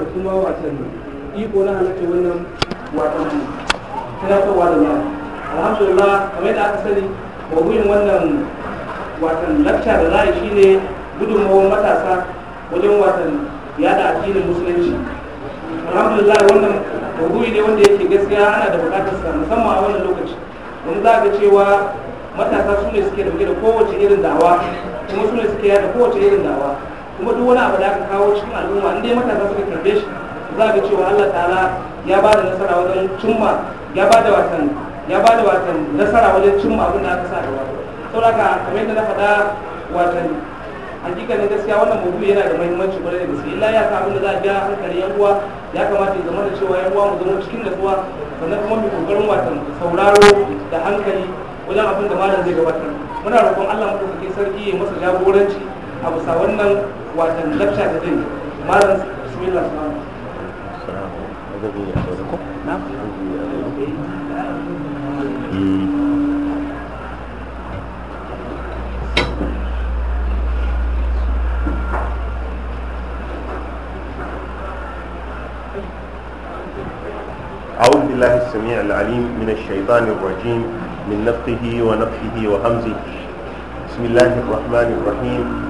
da kuma watan iko na halatta wannan watan ta da yara alhamdulillah kamar da aka sani mawuyin wannan wasan lakca da za a shi ne gudunmawar matasa wajen ya da addinin musulunci alhamdulillah wannan mawuyi ne wanda yake gaskiya ana da bukatar sa musamman a wannan lokaci domin za ga cewa matasa su ne suke dauke da kowace irin dawa kuma su ne suke yada kowace irin dawa kuma duk wani abu da aka kawo cikin al'umma in dai matasa suka karbe shi za ga cewa Allah ta'ala ya ba da nasara wajen cimma ya ba da watan ya ba da watan nasara wajen cimma abin da aka sa da gaba saboda kamar yadda na faɗa watan hakikanin gaskiya wannan mutum yana da muhimmanci kwarai da gaske illa ya samu da za a biya hankali yan uwa ya kamata ya zama da cewa yan uwa mu zama cikin natsuwa sannan kuma mu kokarin watan sauraro da hankali wajen abin da malam zai gabatar muna roƙon Allah mu sarki ya masa jagoranci a bisa wannan watan lakta da zai malam bismillah salamu salamu adabi ya sauranku na أعوذ بالله السميع العليم من الشيطان الرجيم من نفخه ونفخه وهمزه بسم الله الرحمن الرحيم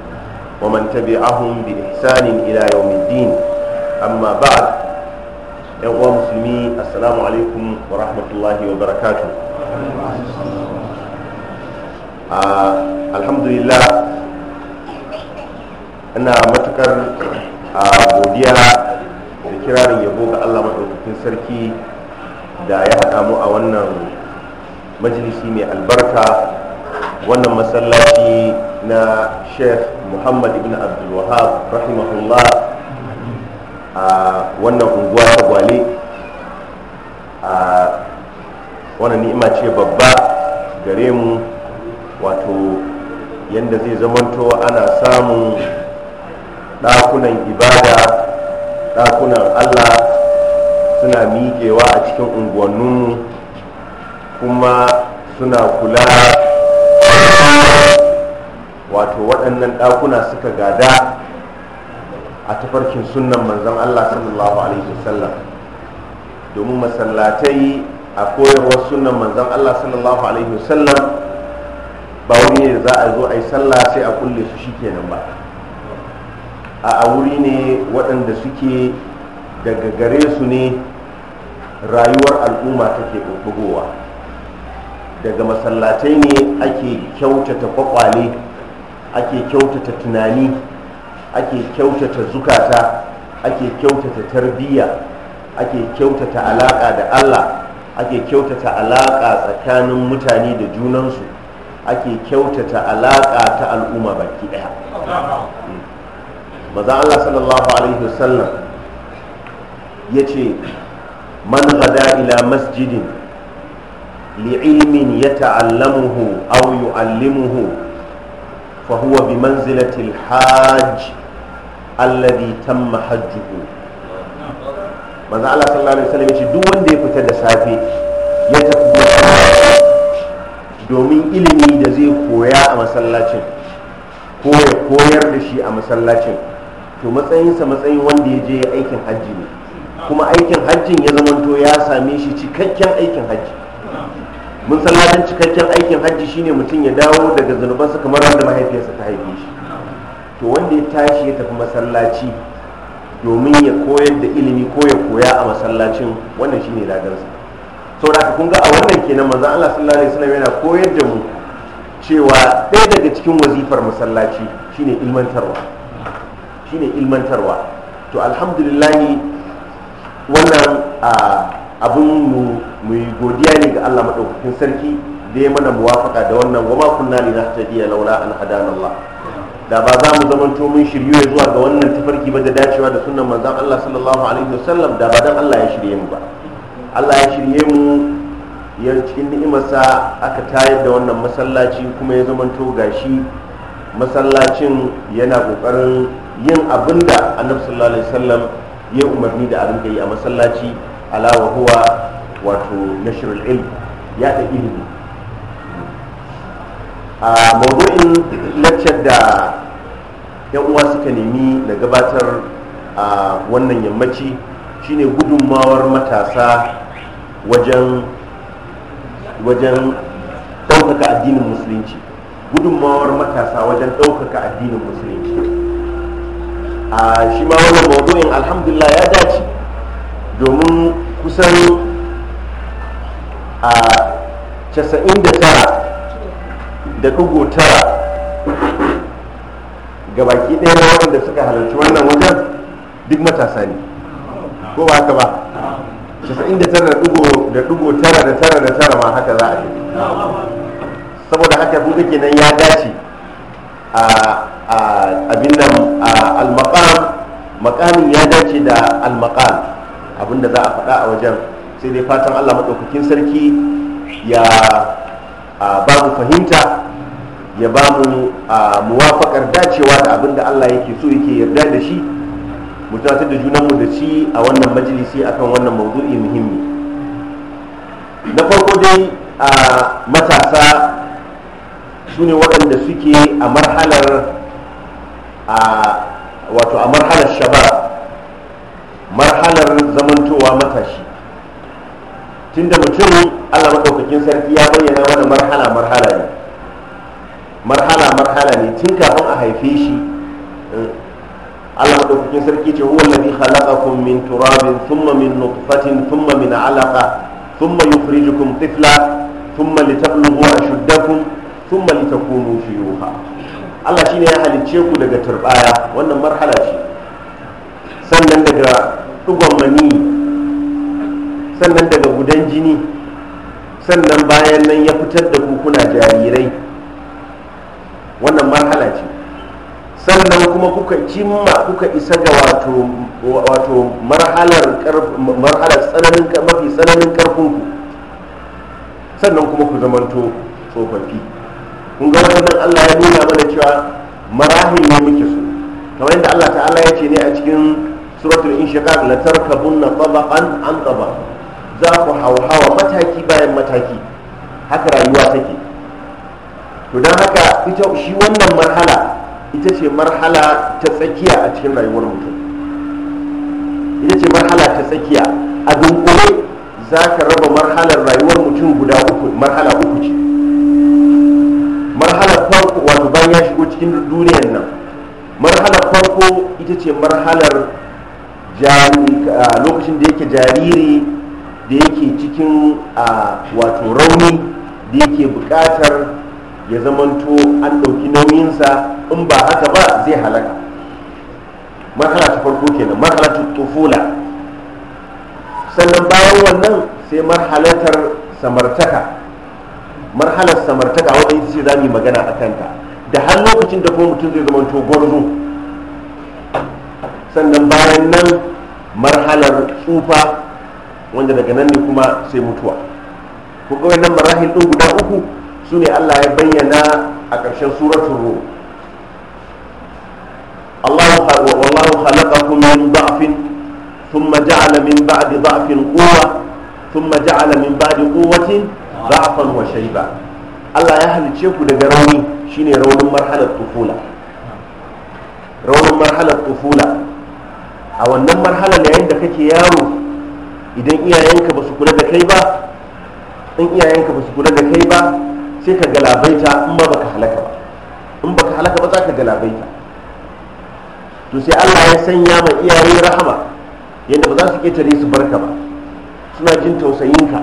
ومن تبعهم بإحسان إلى يوم الدين أما بعد يقوى مسلمي السلام عليكم ورحمة الله وبركاته آه الحمد لله أنا متكر godiya da kirarin yabo ga Allah maɗaukakin sarki da ya haɗa mu a wannan majlisi mai albarka wannan masallaci na sheikh muhammad ibn abdulwahab rahimahullah a wannan unguwa ta gwale a wannan ni'ima ce babba gare mu wato yadda zai zamanto ana samun ɗakunan ibada ɗakunan allah suna miƙewa a cikin unguwanninmu kuma suna kula wato waɗannan ɗakuna suka gada a tafarkin sunnan manzon Allah sallallahu alaihi wasallam domin masallatai a koyarwar sunan manzon Allah sallallahu alaihi wasallam ba wani ne za a zo a yi sallah sai a kulle su shi shikenan ba a wuri ne waɗanda suke daga gare su ne rayuwar al'umma take bugowa daga masallatai ne ake kyautata kwakwale ake kyautata tunani ake kyautata zukata ake kyautata tarbiyya ake kyautata alaƙa da allah ake kyautata alaƙa tsakanin mutane da junansu ake kyautata alaƙa ta al'umma baki ɗaya hmm. maza allah sallallahu alaihi wasallam ya ce man gada ila masjidin li'ilmin ya ta'allamuhu au yu'allimuhu فهو bi manzilatil الذي تم حجه manzo Allah sallallahu alaihi wasallam yace duk wanda ya fita da safe ya tafi domin ilimi da zai koya a masallacin ko ya koyar da shi a masallacin to matsayinsa matsayin wanda ya je aikin hajji ne kuma aikin hajjin ya zamanto ya same shi cikakken aikin hajji mun san ladan cikakken aikin hajji shine mutum ya dawo daga zunubansa kamar wanda mahaifiyarsa ta haife shi to wanda ya tashi ya tafi masallaci domin ya koyar da ilimi ko ya koya a masallacin wannan shine ladarsa saboda haka kun ga a wannan kenan manzo Allah sallallahu alaihi wasallam yana koyar da mu cewa ɗaya daga cikin wazifar masallaci shine ilmantarwa shine ilmantarwa to alhamdulillah wannan a ah, abin mu yi godiya ne ga Allah maɗaukakin sarki da ya mana muwafaka da wannan wama kunna li nahtadiya laula an hadana Allah da ba za mu zamanto mun shiryu ya zuwa ga wannan tafarki ba da dacewa da sunan manzon Allah sallallahu alaihi wasallam da ba dan Allah ya shirye mu ba Allah ya shirye mu ya cikin ni'imarsa aka tayar da wannan masallaci kuma ya zamanto gashi masallacin yana kokarin yin abinda annabi sallallahu alaihi wasallam ya umarni da abin da yi a masallaci ala wa huwa wato nashrul ilm ya da ilimi a mawdu'in lecture da yan uwa suka nemi na gabatar a wannan yammaci shine gudunmawar matasa wajen wajen ɗaukaka addinin musulunci gudunmawar matasa wajen ɗaukaka addinin musulunci a shi ma wannan mawdu'in alhamdulillah ya dace domin kusan a casa'in da ɗigo tara ga baki ɗaya na waɗanda suka halarci wannan wajen duk matasa ne ko ba haka ba casa'in da ɗigo tara da tara da tara ma haka za a yi saboda haka kun ke nan ya dace a abin nan al-maqam maqamin ya dace da al-maqam Abin da za a faɗa a wajen sai dai fatan allah maɗaukakin sarki ya ba mu fahimta ya ba mu muwafaƙar dacewa da abin da allah yake so yake yarda da shi mu tunatar da junanmu da shi a wannan majalisi akan wannan mawdu'i muhimmi na farko dai a matasa su ne waɗanda suke a marhalar wato a marhalar shabar. marhalar zamantowa matashi tunda mutum allah maɗaukakin sarki ya bayyana mana marhala marhala ne marhala marhala ne tun kafin a haife shi allah maɗaukakin sarki ce huwa alladhi khalaqakum min turabin thumma min nutfatin thumma min alaqa thumma yukhrijukum tifla thumma litablughu ashuddakum thumma litakunu shuyuha Allah shine ya halicce ku daga turbaya wannan marhala ce sannan daga ɗigon maniyi sannan daga gudan jini sannan bayan nan ya fitar da kukuna jarirai wannan marhala ce sannan kuma kuka cimma kuka isa ga wato wato marhalar tsananin mafi tsananin ku sannan kuma ku zamanto tsofaffi kun ga wannan Allah ya nuna mana cewa marahil ne muke so kamar yadda Allah ta'ala ya ce ne a cikin suratul inshiqaq la tarkabunna tabaqan an tabaq za ku hauhawa mataki bayan mataki haka rayuwa take to dan haka ita shi wannan marhala ita ce marhala ta tsakiya a cikin rayuwar mutum ita ce marhala ta tsakiya a dunkule za ka raba marhalar rayuwar mutum guda uku marhala uku ce marhalar farko wato bayan ya shigo cikin duniyar nan marhalar farko ita ce marhalar lokacin da yake jariri da yake cikin a wato rauni da yake bukatar ya zamanto an ɗauki nauyinsa in ba haka ba zai halaka marhala ta farko kenan marhala ta tufula sannan bayan wannan sai marhalatar samartaka marhalar samartaka wadda ita ce za yi magana a kanta da har lokacin da kuma mutum zai zamanto gwarzo sannan bayan nan marhalar tsufa wanda daga nan ne kuma sai mutuwa ku ga wannan marahil din guda uku su ne Allah ya bayyana a ƙarshen suratul rum Allahu wallahu khalaqakum min da'fin thumma ja'ala min ba'di da'fin quwwa thumma ja'ala min ba'di quwwatin da'fan wa shayba Allah ya halice ku daga rauni shine raunin marhalar tufula raunin marhalar tufula a wannan marhalar yayin da kake yaro idan iyayenka ba su kula da kai ba in iyayenka ba su kula da kai ba sai ka galabaita in ba baka halaka ba in baka halaka ba za ka galabaita to sai Allah ya sanya ma iyaye rahama yadda ba za su ketare su barka ba suna jin tausayinka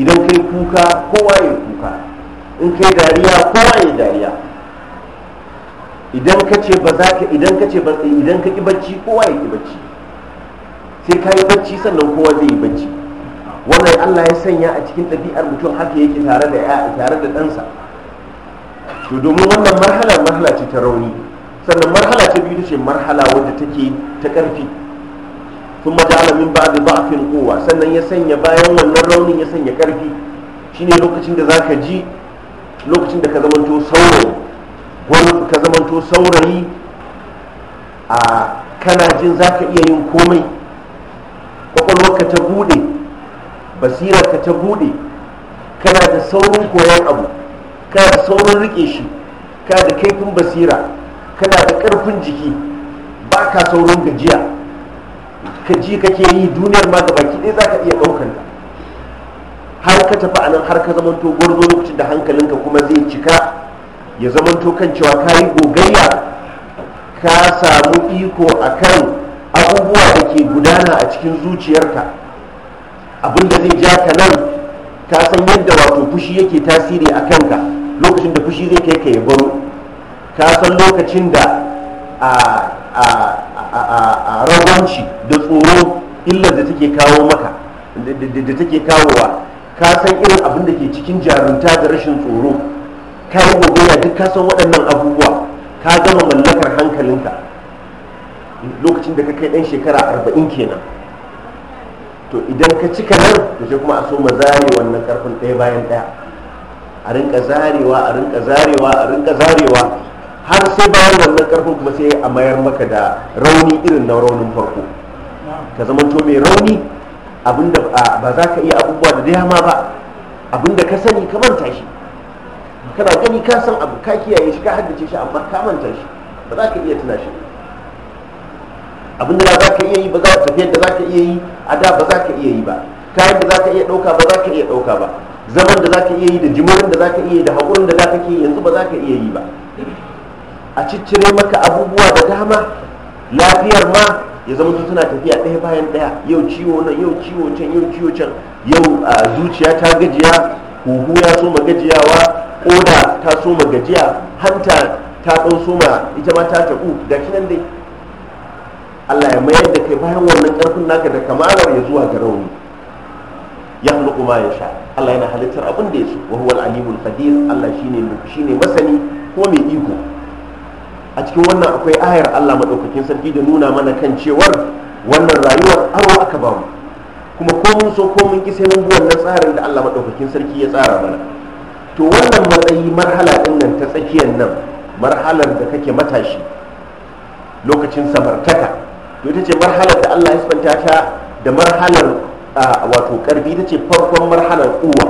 idan kai kuka kowa ya kuka in kai dariya kowa ya dariya idan ka ce ba za ka idan ka ce ba idan ka ki bacci kowa ya ki bacci sai ka yi bacci sannan kowa zai yi bacci wannan Allah ya sanya a cikin ɗabi'ar mutum haka yake tare da ya tare da ɗansa to domin wannan marhala marhala ce ta rauni sannan marhala ta biyu ce marhala wadda take ta ƙarfi sun majala ba a ba'fin kowa sannan ya sanya bayan wannan raunin ya sanya ƙarfi shine lokacin da za ka ji lokacin da ka zamanto sauro wani ka zamanto saurayi a kana jin za ka iya yin komai kwakwalwarka ta bude basirarka ta bude kana da saurin koyon abu kana da saurin rike shi kana da kaifin basira kana da karfin jiki ba ka saurin gajiya ka ji kake yi duniyar ma baki ɗaya za ka iya ɗaukanta har ka tafi a nan har ka zamanto gwarzo lokacin da hankalinka kuma zai cika ya zamanto kan cewa ka yi gogayya ka samu iko a kan abubuwa da ke gudana a cikin zuciyarka abinda zai ja ka nan ka san yadda wato fushi yake tasiri a kanka lokacin da fushi zai kai ka ya baro ka san lokacin da a ragwanci da tsoro illar da take kawo maka da take kawowa ka san irin abin da ke cikin jarunta da rashin tsoro ka yi gogayya duk ka san waɗannan abubuwa ka gama mallakar hankalinka lokacin da ka kai ɗan shekara arba'in kenan to idan ka cika nan to sai kuma a so zare wannan karfin ɗaya bayan ɗaya a rinka zarewa a rinka zarewa a rinka zarewa har sai bayan wannan karfin kuma sai a mayar maka da rauni irin na raunin farko ka zama to mai rauni abinda ba za ka iya abubuwa da dama ba abinda ka sani ka manta shi kana gani ka san abu ka kiyaye shi ka haddace shi amma ka manta shi ba za ka iya tuna shi abin da za ka iya yi ba za ka tafiyar da za ka iya yi a da ba za ka iya yi ba kayan da za ka iya ɗauka ba za ka iya ɗauka ba zaman da za ka iya yi da jimarin da za ka iya yi da haƙurin da za ka iya yanzu ba za ka iya yi ba a ciccire maka abubuwa da dama lafiyar ma ya zama suna tafiya ɗaya bayan ɗaya yau ciwo nan yau ciwo can yau ciwo can yau zuciya ta gajiya huhu ya soma gajiyawa koda ta soma gajiya hanta ta ɗau soma ita ma ta taɓu ga shi nan dai Allah ya mayar da kai bayan wannan ƙarfin naka da kamalar ya zuwa ga rauni ya halittu ma ya sha Allah yana halittar abin da ya so wa alimul qadir Allah shine shine masani ko mai iko a cikin wannan akwai ayar Allah maɗaukakin sarki da nuna mana kan cewar wannan rayuwar aro aka mu kuma ko mun so ko mun ki sai mun bi wannan tsarin da Allah maɗaukakin sarki ya tsara mana to wannan matsayi marhala din nan ta tsakiyar nan marhalar da kake matashi lokacin samartaka to ita ce marhalar da Allah ya santa ta da marhalar wato karbi ita ce farkon marhalar uwa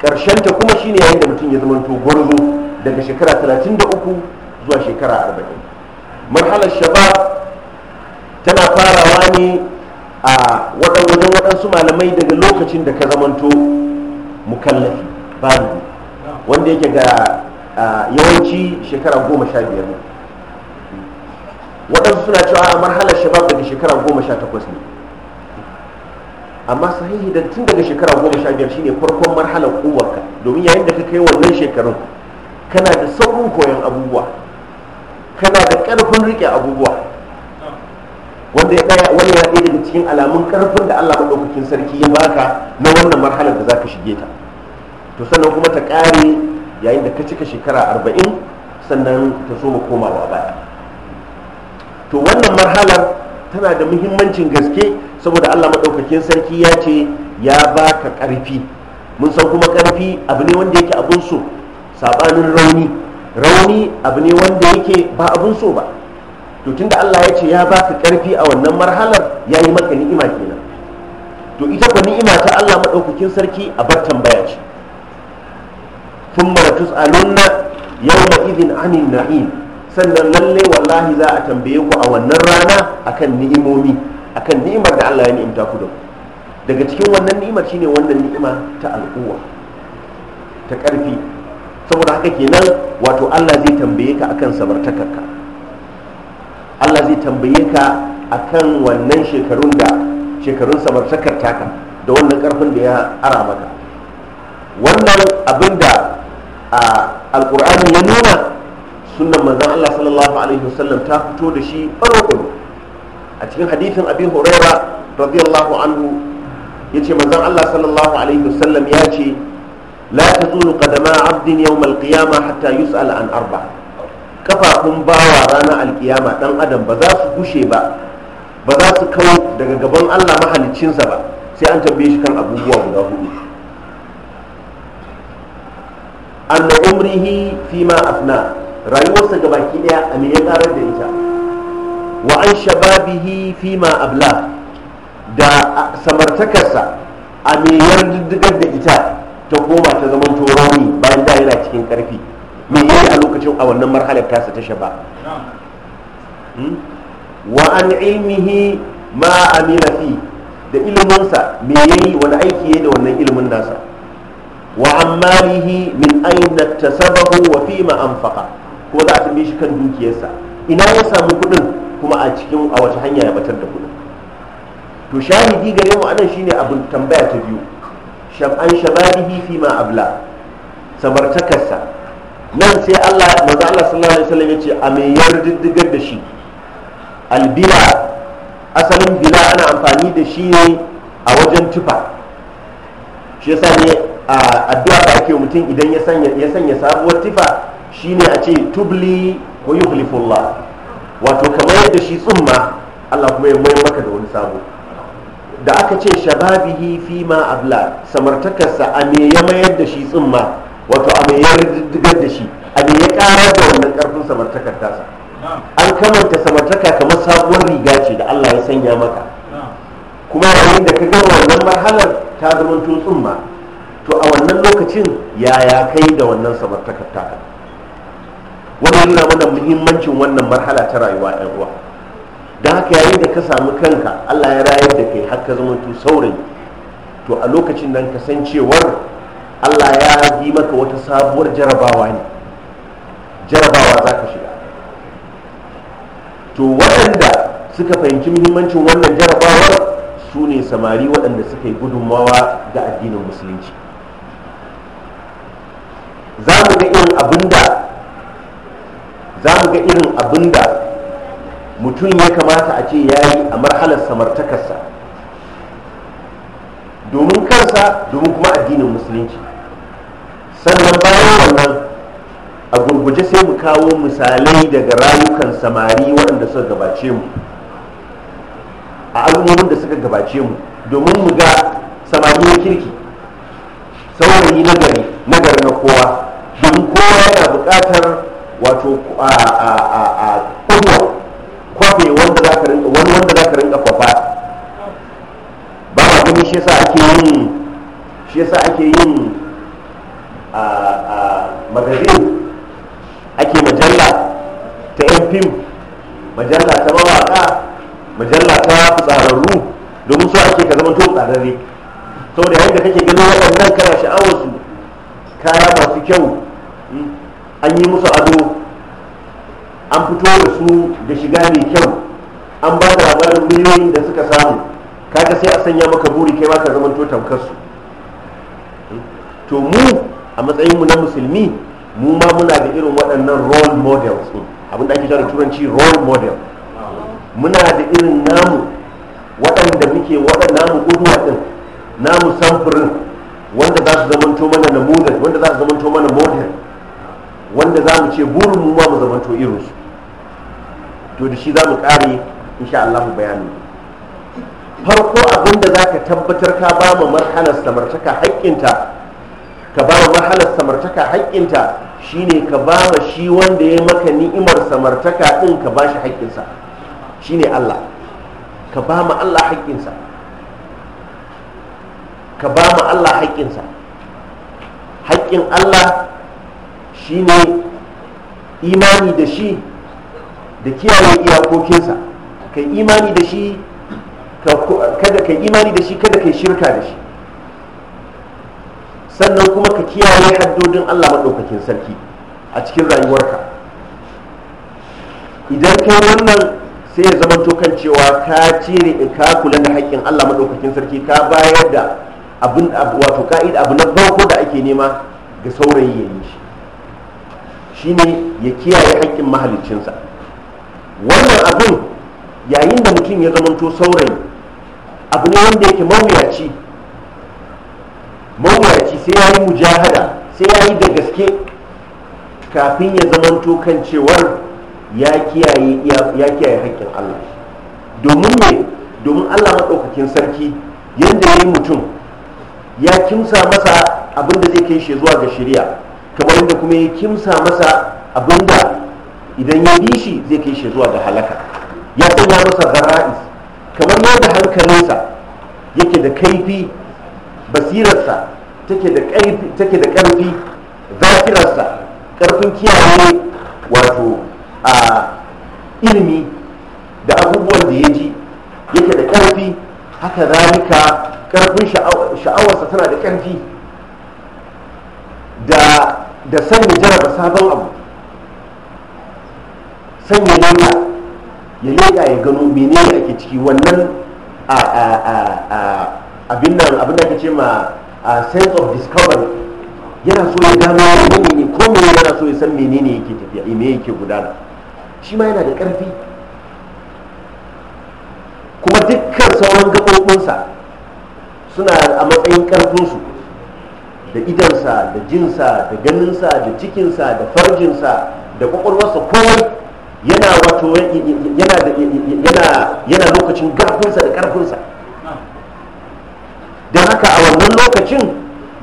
ta kuma shine yayin da mutum ya zamanto gwarzo daga shekara 33 zuwa shekara 40 marhalar shabab tana farawa ne a wajen waɗansu malamai daga lokacin da ka zamanto mukallafi balibi wanda yake ga yawanci shekara goma sha biyar ne waɗansu suna cewa a marhalar shabab daga shekara goma sha takwas ne amma sahihi da tun daga shekara goma sha biyar shine farkon marhalar kowarka domin yayin da ka kai wannan shekarun kana da saurin koyon abubuwa kana da ƙarfin riƙe abubuwa wanda ya ɗaya wani ya ɗaya daga cikin alamun ƙarfin da allah maɗaukakin sarki ya baka na wannan marhalar da za ka shige ta to sannan kuma ta ƙare yayin da ka cika shekara arba'in sannan ta so komawa baya to wannan marhalar tana da muhimmancin gaske saboda allah maɗaukakin sarki ya ce ya ba ka ƙarfi mun san kuma ƙarfi abu ne wanda yake abun so saɓanin rauni rauni abu ne wanda yake ba abun so ba to tunda allah ya ce ya ba ka ƙarfi a wannan marhalar ya yi maka ni'ima kenan to ita ko ni'ima ta allah maɗaukakin sarki a bar tambaya ce ثم لتسألن يومئذ anin النعيم sannan lalle wallahi za a tambaye ku a wannan rana akan ni'imomi akan ni'imar da Allah ya ni'imta ku da ku daga cikin wannan ni'imar shine wannan ni'ima ta al'uwa ta ƙarfi saboda haka kenan wato Allah zai tambaye ka akan samartakarka Allah zai tambaye ka akan wannan shekarun da shekarun samartakar taka da wannan ƙarfin da ya ara maka wannan abin da A alkur'ani ya nuna sunan manzan Allah sallallahu alaihi wasallam ta fito da shi farko a cikin hadithin abi huraira radiyallahu anhu ya manzan Allah sallallahu alaihi wasallam ya ce la tazulu qadama 'abdin yawm yau malkiyama hatta yus'al an arba kafafun bawa ranar alkiyama dan adam ba za su gushe ba ba za su kawo daga gaban Allah mahaliccinsa ba sai an tambaye shi kan abubuwa guda hudu da umrihi fi ma afna rayuwarsa ga baki daya a me ya karar da ita wa an shababihi fi ma abla da samartakarsa a me ya diddigar da ita ta koma ta zaman rauni bayan da yana cikin karfi me yayi a lokacin a wannan marhalar tasa ta shaba hmm? wa an ilmihi ma amila fi da iliminsa me yayi wani aiki ya da wannan ilimin nasa وعماله من أين اكتسبه وفيما أنفقه ko za a tambaye shi kan dukiyarsa ina ya samu kuɗin kuma a cikin a wace hanya ya batar da kuɗin to shahidi gare mu anan shine abin tambaya ta biyu shab'an shababihi fi ma abla sabartakarsa nan sai Allah manzo Allah sallallahu alaihi wasallam yace a me yardiddigar da shi albila asalin bila ana amfani da shi ne a wajen tufa shi yasa ne addu'a da ake mutum idan ya sanya ya sanya sabuwar tifa shine a ce tubli wa Allah! wato kamar yadda shi tsumma Allah kuma ya mayar maka da wani sabo da aka ce shababihi fi ma abla samartakarsa a me ya mayar da shi tsumma wato a me ya digar da shi a me ya kara da wannan karfin samartakar tasa an kamanta samartaka kamar sabuwar riga ce da Allah ya sanya maka kuma yayin da ka ga wannan marhalar ta zama tsumma to a wannan lokacin yaya kai da wannan samartakar taka wannan yana mana muhimmancin wannan marhala ta rayuwa yan uwa don haka yayin da ka samu kanka allah ya rayar da kai har ka zama to saurayi to a lokacin nan cewar allah ya yi maka wata sabuwar jarabawa ne jarabawa za ka shiga to waɗanda suka fahimci muhimmancin wannan jarabawar su ne samari waɗanda suka yi gudunmawa ga addinin musulunci za mu ga irin abinda za mu ga irin abinda mutum ya kamata a ce ya yi a marhalar samartakarsa domin kansa domin kuma addinin musulunci sannan bayan wannan a gurguje sai mu kawo misalai daga rayukan samari waɗanda suka gabace mu a al'ummomin da suka gabace mu domin mu ga samari na kirki saurayi nagari nagari na kowa kowa yana bukatar wato a kuma kwafe wanda za ka rinka wani wanda za ka rinka kwafa ba ma gani shi yasa ake yin shi yasa ake yin a magazin ake majalla ta yan fim majalla ta mawaƙa majalla ta tsararru domin so ake ka zama to tsararre saboda yadda kake ganin waɗannan kana sha'awarsu kaya masu kyau an yi musu ado an fito da su da shiga mai kyau an ba da labarin miliyoyin da suka samu kaga sai a sanya maka buri kai ma ka zama to tamkar su to mu a matsayin mu na musulmi mu ma muna da irin waɗannan role models abin da ake da turanci role model muna da irin namu waɗanda muke waɗanda namu guduwa ɗin namu samfurin wanda za su zamanto mana wanda za su zamanto mana model wanda za mu ce burin mu ma mu zamanto irinsu to da shi za mu kare insha Allah bayani. farko abin da za ka tabbatar ka ba mu marhalar samartaka haƙƙinta ka ba mu marhalar samartaka haƙƙinta shine ka ba mu shi wanda ya maka ni'imar samartaka din ka ba shi haƙƙinsa shine Allah ka ba mu Allah haƙƙinsa ka ba mu Allah haƙƙinsa haƙƙin Allah shi ne imani da shi da kiyaye iyakokinsa kai imani da shi kada kai imani da shi kada kai shirka da shi sannan kuma ka kiyaye haddodin Allah maɗaukakin sarki a cikin rayuwarka idan kai wannan sai ya zama kan cewa ka cire ka kula da haƙƙin Allah maɗaukakin sarki ka bayar da abin wato ka'ida abu na farko da ake nema ga saurayi ya shi shine ya kiyaye haƙƙin mahaliccinsa wannan abin yayin da mutum ya zamanto saurayi abu ne wanda yake mawuyaci mawuyaci sai ya yi mujahada sai ya yi da gaske kafin ya zamanto kan cewar ya kiyaye haƙƙin allah domin ne domin allah maɗaukakin sarki yadda ya yi mutum ya kimsa masa abin da zai kai shi zuwa ga shirya kamar yadda kuma ya kimsa masa abinda idan ya bi shi zai kai shi zuwa ga halaka ya sanya masa gara'is kamar yadda hankalinsa yake da kaifi basirarsa take da ƙarfi zafirarsa ƙarfin kiyaye wato a ilimi da abubuwan da ya ji yake da ƙarfi haka zalika ƙarfin sha'awarsa tana da ƙarfi da da sanya jaraba sabon abu sanya ya leka ya gano menene ake ciki wannan abin nan abin ce ma a sense of discovery yana so ya gano menene ko mene yana so ya san menene yake tafiya ime yake gudana shi ma yana da ƙarfi kuma dukkan sauran gaɓoɓinsa suna a matsayin ƙarfinsu da idansa da jinsa da ganinsa da cikinsa da farjinsa da kwakwalwarsa ko yana wato yana lokacin garfinsa da karfinsa don haka a wannan lokacin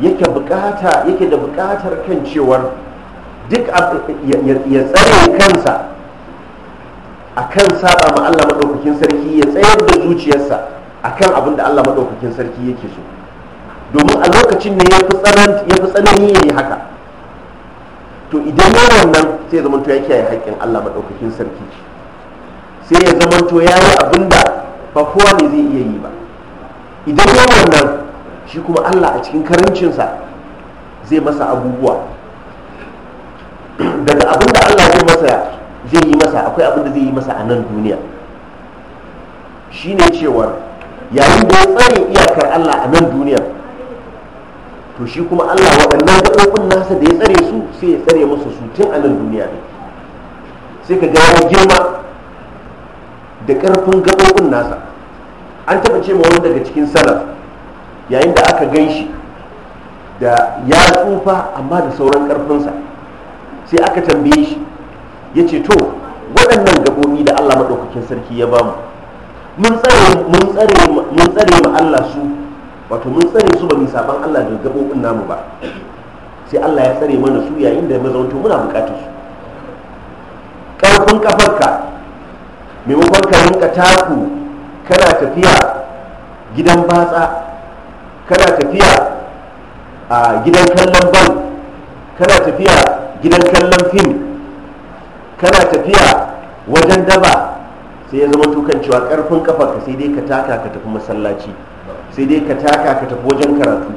yake bukata yake da bukatar kan cewar duk ya tsare kansa a kan saba ma Allah maɗaukakin sarki ya tsayar da zuciyarsa a kan abin da Allah maɗaukakin sarki yake so domin a lokacin ne ya fi tsanani ya yi haka to idan ya wannan sai zama to ya kiyaye haƙƙin Allah maɗaukakin sarki sai ya zama to ya yi abin da ba kowa ne zai iya yi ba idan ya wannan shi kuma Allah a cikin karancinsa zai masa abubuwa daga abin da Allah zai masa zai yi masa akwai abin da zai yi masa a nan duniya shi ne cewar yayin da ya tsare iyakar Allah a nan duniya. to shi kuma Allah waɗannan gaɓoɓin nasa da ya tsare su sai ya tsare masa su tun a nan duniya sai ka gano girma da ƙarfin gaɓoɓin nasa an taɓa ce wani daga cikin salaf yayin da aka gan shi da ya tsufa amma da sauran ƙarfinsa sai aka tambaye shi ya ce to waɗannan gaɓoɓi da Allah maɗaukakin sarki ya bamu mun tsare mu Allah su wato mun tsare su ba mu saban Allah da gabobin namu ba sai Allah ya tsare mana su yayin da mazaunta muna bukatar su karfin kafarka maimakon ka rinka taku kana tafiya gidan batsa kana tafiya a gidan kallon bal kana tafiya gidan kallon fim kana tafiya wajen daba sai ya zama tukan cewa karfin kafarka sai dai ka taka ka tafi masallaci sai dai ka taka ka tafi wajen karatu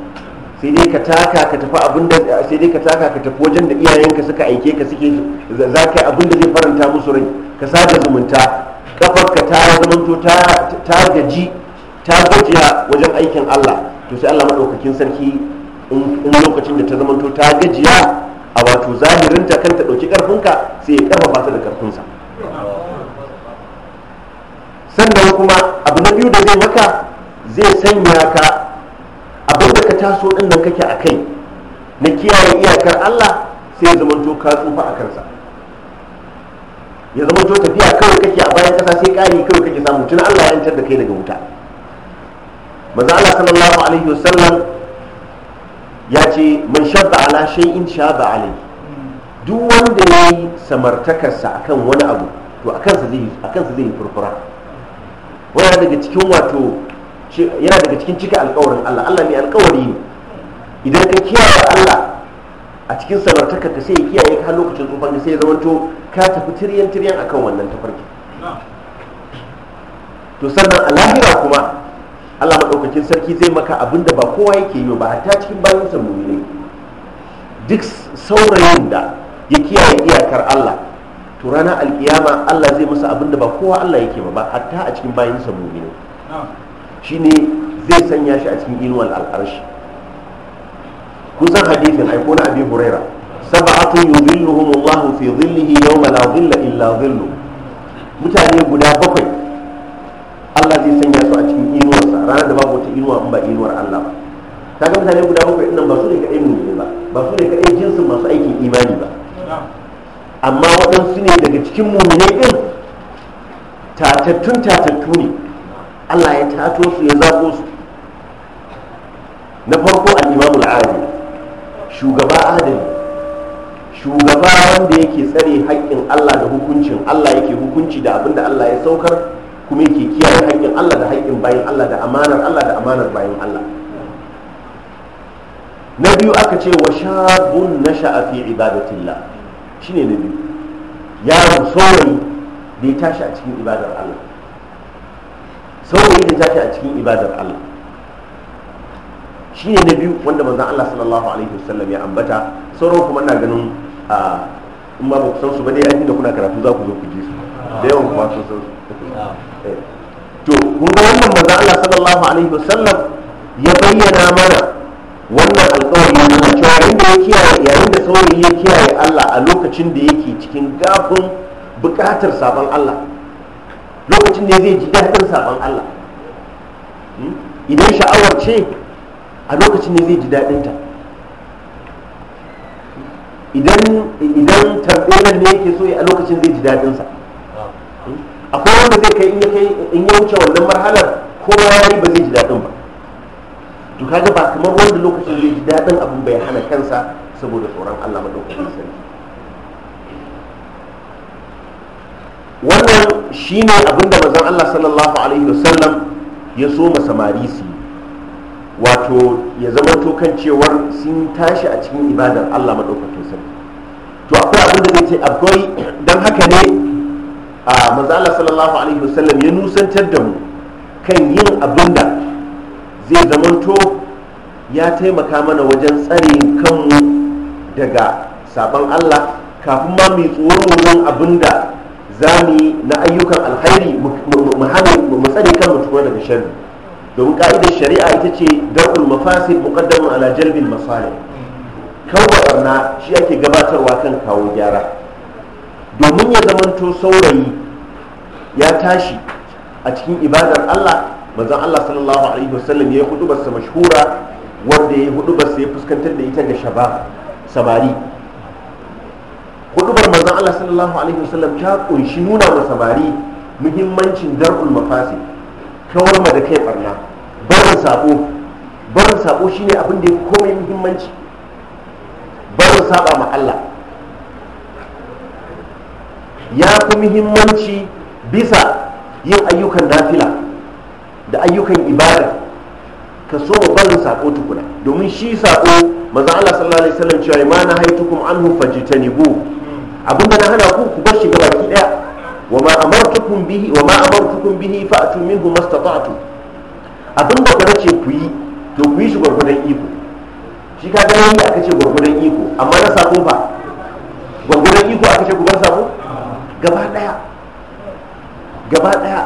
sai dai ka taka ka tafi abin da sai dai ka taka ka tafi wajen da iyayenka suka aike ka suke za ka yi abin da zai faranta musu rai ka sada zumunta Kafar ka ta zamanto ta gaji ta gajiya wajen aikin Allah to sai Allah madaukakin sarki in lokacin da ta zamanto ta gajiya a wato zahirinta kanta ɗauki ƙarfinka sai ya ƙarfafa ta da ƙarfinsa sannan kuma abu na biyu da zai maka zai sanya ka abin da ka taso ɗin nan kake a kai na kiyaye iyakar Allah sai ya to ka tsufa a kansa ya zamanto tafiya kawai kake a bayan kasa sai kari kawai kake samu tun Allah ya yantar da kai daga wuta Maza Allah sallallahu alaihi wasallam ya ce man shabba ala shay'in sha alaihi duk wanda ya yi samartakarsa akan wani abu to a kansa zai yi furfura wannan daga cikin wato yana daga cikin cika alkawarin Allah Allah mai alkawari ne idan ka kiyaye Allah a cikin samartaka ka sai ya kiyaye ka lokacin tsufan sai ya zamanto ka tafi tiryan tiryan akan wannan tafarki to sannan a lahira kuma Allah madaukakin sarki zai maka abin da ba kowa yake yi ba hatta cikin bayan ne? duk saurayin da ya kiyaye iyakar Allah to ranar alkiyama Allah zai masa abin da ba kowa Allah yake ba hatta a cikin bayan samuni ne Shi ne zai sanya shi a cikin inuwar al'arshi kusan hadithin aiko na abi huraira sab'atun yuzilluhum Allah fi dhillihi yawma la zilla illa zillu mutane guda bakwai Allah zai sanya su a cikin inuwarsa ranar da babu wata inuwa ba inuwar Allah ba Ta ga mutane guda bakwai ɗin ba su ne kaɗai mummuni ba ba su ne kaɗai jinsin masu aikin imani ba amma waɗansu ne daga cikin mummune ɗin tatattun tatattu ne Allah ya tato su ya zaɓo su na farko al-imamu al shugaba adali shugaba wanda yake tsare haƙƙin Allah da hukuncin Allah yake hukunci da abin da Allah ya saukar kuma yake kiyaye haƙƙin Allah da haƙƙin bayan Allah da amanar Allah da amanar bayan Allah na biyu aka ce wa shabun nasha'a fi ibadatillah shine na biyu yaro saurayi da ya tashi a cikin ibadar Allah saurayi da tashi a cikin ibadar Allah shi ne na biyu wanda manzan Allah sallallahu alaihi wasallam ya ambata sauran kuma na ganin a in ba ku san su ba dai yayin da kuna karatu za ku zo ku ji su da yawan kuma sun san eh. to kun ga wannan manzan Allah sallallahu alaihi wasallam ya bayyana mana wannan alƙawari na cewa da ya kiyaye yayin da saurayi ya kiyaye Allah a lokacin da yake cikin gafin buƙatar sabon Allah lokacin ne zai ji daɗin sabon Allah hmm? idan sha'awar ce a lokacin ne zai ji daɗinta idan tarbiyyar ne yake so a lokacin zai ji daɗinsa hmm? akwai wanda zai kai in ya wuce wannan marhalar kowa ya yi ba zai ji daɗin ba to kaga ba kamar wanda lokacin zai ji daɗin abin bai hana kansa saboda tsoron Allah maɗaukakin sarki wannan shine abinda manzon Allah sallallahu alaihi wasallam ya so ma samari su wato ya zama to kan cewar sun tashi a cikin ibadar Allah madaukakin sarki to akwai abin da zai ce akwai dan haka ne a maza Allah sallallahu alaihi wasallam ya nusantar da mu kan yin abinda zai zama to ya taimaka mana wajen tsare kanmu daga sabon Allah kafin ma mai tsoron abin da za mu yi na ayyukan alkhairi mu hana mu tsare kan mutuwa daga sharri domin ka'idar shari'a ita ce dar'ul mafasid muqaddamun ala jalbil masalih kawo barna shi ake gabatarwa kan kawo gyara domin ya zamanto saurayi ya tashi a cikin ibadar Allah manzon Allah sallallahu alaihi wasallam ya yi basa mashhura wanda ya yi basa ya fuskantar da ita ga shaba samari hudubar mazan Allah sallallahu alaihi wasallam ta kunshi nuna wa samari muhimmancin dar'ul mafasi kawar ma da kai barna barin sabo barin sabo shine abin da ya komai muhimmanci barin saba ma Allah ya fi muhimmanci bisa yin ayyukan nafila da ayyukan ibada ka so wa barin sako tukuna domin shi sako manzon Allah sallallahu alaihi wasallam cewa ma na haitukum anhu fajtanibu da na hana ku ku bar shi ga baki daya wa ma amartukum bihi wa ma amartukum bihi fa'tu minhu mastata'tu da ku nace ku yi to ku yi shi gurgurdan iko shi ka ga yanda aka ce gurgurdan iko amma na sako fa gurgurdan iko aka ce ku bar sako gaba daya gaba daya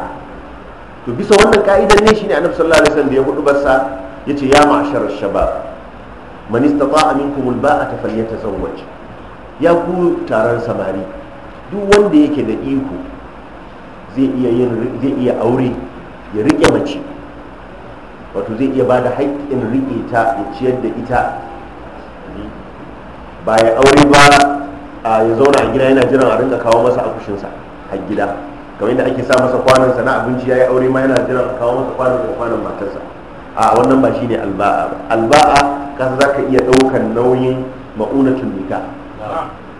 to bisa wannan ka'idar ne shine annabi sallallahu alaihi wasallam da ya hudu barsa yace ya ma'shar shabab man istata'a minkum alba'ata falyatazawwaj ya ku taron samari duk wanda yake da iko zai iya yin zai iya aure ya rike mace wato zai iya bada haƙƙin rike ta ya ciyar da ita ba ya aure ba ya zauna a gida yana jiran a rinka kawo masa akushinsa a gida kamar yadda ake sa masa kwanan sa na abinci yi aure ma yana jiran a kawo masa kwanan ko kwanan matarsa a wannan ba shine alba'a ba alba'a za ka iya daukan nauyin ma'unatul nikah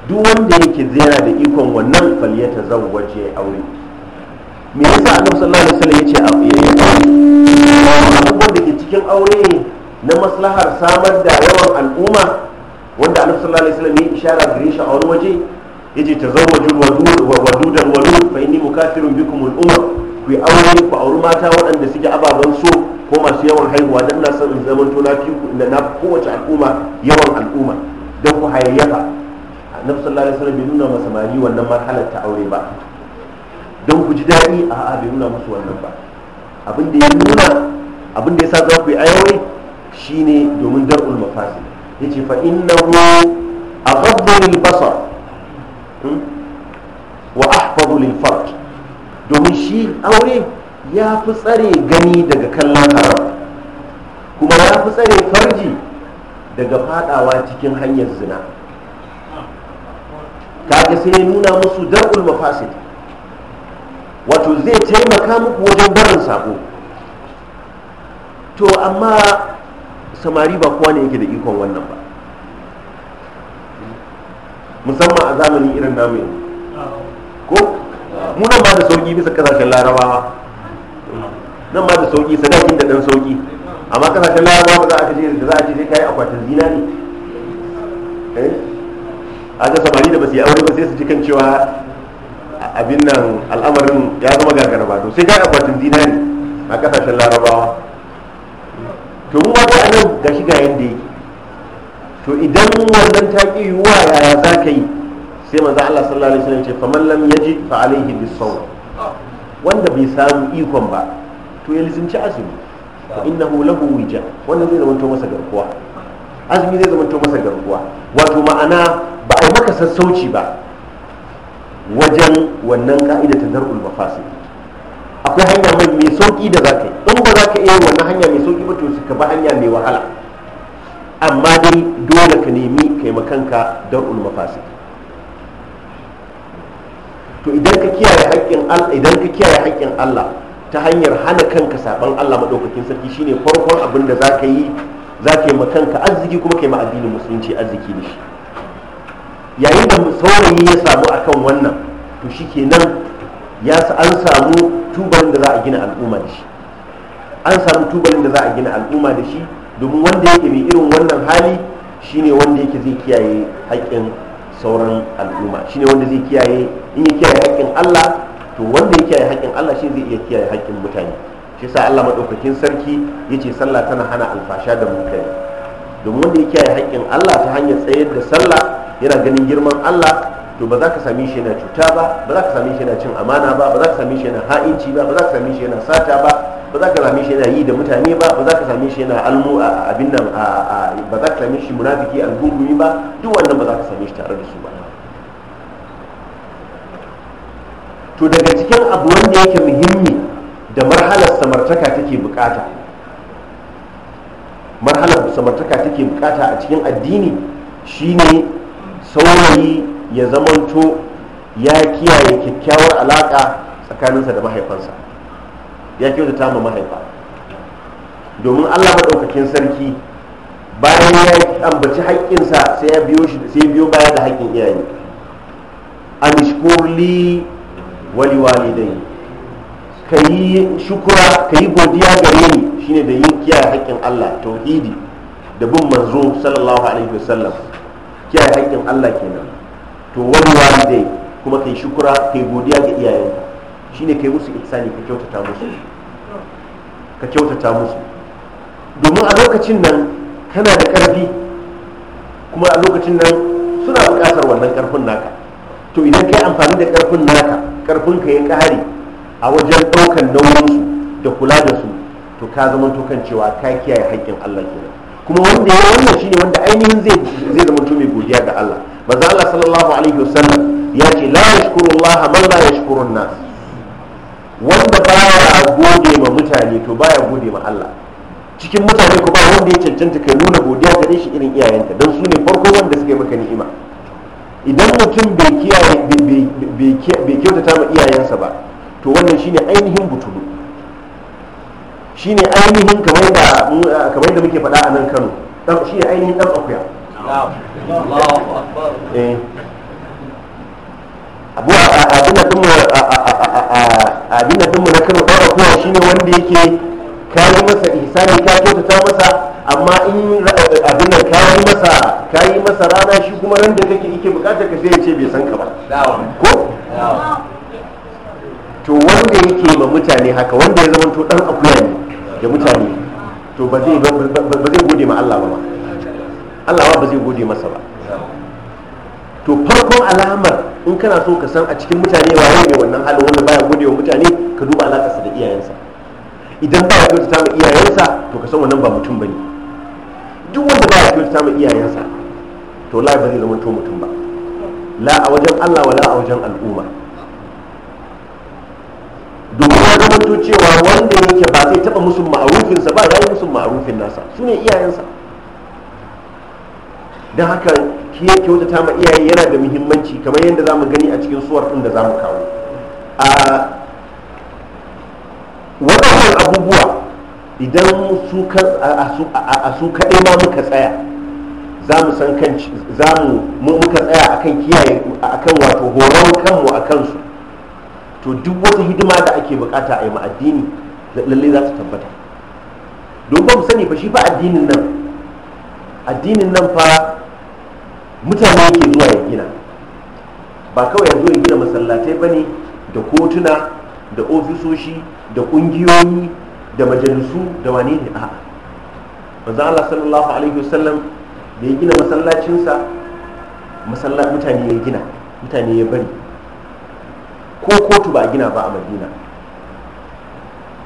duk wanda yake zina da ikon wannan faliyata zawwaj ya aure me yasa annabi sallallahu alaihi wasallam yace yi abubuwan da ke cikin aure na maslahar samar da yawan al'umma wanda annabi sallallahu alaihi wasallam ya isharar gare shi a wani waje yace tazawwaju wadudal walud fa inni mukafirun bikum al umam ku aure ku auri mata waɗanda suke ababen so ko masu yawan haihuwa dan na san zaman to na fi na kowace al'umma yawan al'umma dan ku hayayyafa annabi sallallahu alaihi wasallam bai nuna masa mali wannan marhalar ta aure ba don ku ji daɗi a a bai nuna musu wannan ba abin da ya nuna abin da ya sa za ku yi aure shine domin dar'ul mafasid yace fa innahu aghaddu lil basar wa ahfazu lil farj domin shi aure ya fi tsare gani daga kallon haram kuma ya fi tsare farji daga fadawa cikin hanyar zina kaga sai nuna musu dar'ul mafasid wato zai taimaka muku wajen barin sako to amma samari ba kowa ne yake da ikon wannan ba musamman a zamanin irin namu yanzu ko nan ba da sauki bisa kasashen larabawa nan ba da sauki sadakin da dan sauki amma kasashen larabawa ba za a ce da za a ce sai kai akwatin ne eh a ga samari da ba su yi aure ba sai su ji kan cewa abin nan al'amarin ya zama gagara ba to sai kai akwatin ne a kasashen larabawa to mu ba ta nan gashi ga yanda yake to idan wannan ta ƙi wa yaya za ka yi sai manzo Allah sallallahu alaihi wasallam ce man lam yaji fa alaihi bisawm wanda bai samu ikon ba to ya lizinci azumi fa innahu lahu wija wannan zai zama to masa garkuwa azumi zai zama to masa garkuwa wato ma'ana ba a yi maka sassauci ba wajen wannan ka'ida ta dar'ul mafasid akwai hanya mai sauki da za ka yi in ba za ka iya wannan hanya mai sauki ba to ka ba hanya mai wahala amma dai dole ka nemi kai makanka ulma mafasid to idan ka kiyaye haƙƙin Allah idan ka kiyaye haƙƙin Allah ta hanyar hana kanka saban Allah maɗaukakin sarki shine farkon abin da zaka yi zaka yi makanka arziki kuma kai ma addinin musulunci arziki da shi yayin da saurayi ya samu akan wannan to shikenan ya an samu tubalin da za a gina al'umma da shi an samu tubalin da za a gina al'umma da shi domin wanda yake mai irin wannan hali shine wanda yake zai kiyaye haƙƙin sauran al'umma shine wanda zai kiyaye in ya kiyaye haƙƙin Allah to wanda ya kiyaye haƙƙin Allah shi zai iya kiyaye haƙƙin mutane shi sa Allah madaukakin sarki yace sallah tana hana alfasha da mutane domin wanda ya kiyaye haƙƙin Allah ta hanyar tsayar da sallah yana ganin girman Allah to ba za ka sami shi yana cuta ba ba za ka sami shi yana cin amana ba ba za ka sami shi yana ha'inci ba ba za ka sami shi yana sata ba ba za ka sami shi yana yi da mutane ba ba za ka sami shi yana almu a abin nan ba za ka sami shi munafiki algungumi ba duk wannan ba za ka sami shi tare da su ba to daga cikin abu wanda yake muhimmi da marhalar samartaka take bukata marhalar samartaka take bukata a cikin addini shine saurayi ya zamanto ya kiyaye kyakkyawar alaƙa tsakaninsa da mahaifansa ya kyautata ma mahaifa domin allah maɗaukakin sarki bayan ya ambaci haƙƙinsa sai ya biyo shi sai biyo baya da haƙƙin iyaye shukuri wali ka kayi shukura ka yi godiya gare ni shine da yin kiyaye haƙƙin Allah tauhidi da bin manzo sallallahu alaihi wasallam kiyaye haƙƙin Allah kenan to wani zai kuma kai shukura kai godiya ga iyayenka shine kai musu ihsani ka kyautata musu ka kyautata musu domin a lokacin nan kana da karfi kuma a lokacin nan suna buƙatar wannan karfin naka to idan kai amfani da karfin naka karfin ka ya ƙare a wajen ɗaukan nauyinsu da kula da su to ka zama kan cewa ka kiyaye haƙƙin Allah kenan kuma wanda ya wannan shine wanda ainihin zai zai zama mai godiya ga Allah maza Allah sallallahu alaihi wasallam ya ce la Allah man la yashkurun nas wanda baya gode ma mutane to baya gode ma Allah cikin mutane ko wanda ya cancanta kai nuna godiya gare shi irin iyayenka don su ne farko wanda suka yi maka ni'ima idan mutum bai kiyaye bai kyautata ma iyayensa ba to wannan shine ainihin butulu shine ainihin kamar da muke faɗa a nan Kano shine ainihin dan akuya Eh. abu tun da dinmu abin da dinmu na kan ɗaura kowa shine wanda yake kayi masa ihsani ka kyautata masa amma in eh, abin nan kayi masa kayi masa rana shi kuma ran da kake yake bukatar ka sai ya ce bai san ka ba ko to wanda yake ma mutane haka wanda ya zama to dan akuya ne da mutane to ba zai gode ma Allah ba ba Allah ba zai gode masa ba to farkon alamar in kana so ka san a cikin mutane waye ne wannan hali wanda baya gode wa mutane ka duba alakarsa da iyayensa idan baya kyautata ma iyayensa to ka san wannan ba mutum bane duk wanda baya kyautata ma iyayensa to la ba zai zama to mutum ba la a wajen Allah wala a wajen al'umma domin ya zama to cewa wanda yake ba zai taba musu ma'arufinsa ba ya yi musu ma'arufin nasa su ne iyayensa don haka kiyar kyautata ma iyaye yana da muhimmanci kamar yadda za mu gani a cikin suwar ɗin da za mu kawo a waɗannan abubuwa idan a su kaɗai ma muka tsaya za mu san kan za mu muka tsaya kan kiyaye kan wato horon kanmu a kansu to duk wata hidima da ake bukata a yi addini lallai za ta tabbata don ba mu sani ba shi ba addinin nan addinin nan fa mutane yake zuwa ya gina ba kawai yanzu ya gina masallatai ba ne da kotuna da ofisoshi da ƙungiyoyi da majalisu da wane ne a manzo Allah sallallahu alaihi wasallam da ya gina masallacinsa masalla mutane ya gina mutane ya bari ko kotu ba a gina ba a madina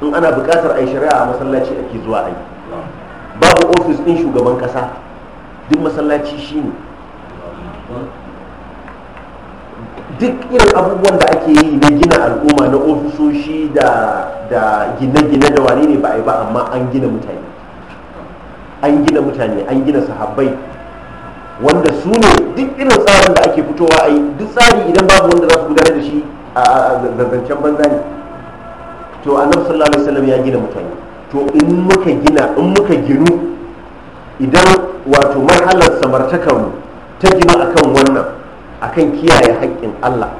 in ana buƙatar a yi shari'a a masallaci ake zuwa a yi babu ofis ɗin shugaban ƙasa duk masallaci shine ne duk irin abubuwan da ake yi na gina al'umma na ofisoshi da gine-gine da wane ne ba a yi ba amma an gina mutane an gina mutane an gina sahabbai wanda su ne duk irin tsarin da ake fitowa a yi duk tsari idan babu wanda za su gudanar da shi a zazzancen banza ne to annabi sallallahu alaihi wasallam ya gina mutane to in muka gina in muka ginu idan wato marhalar samartakan. ta gina akan wannan akan kiyaye haƙƙin Allah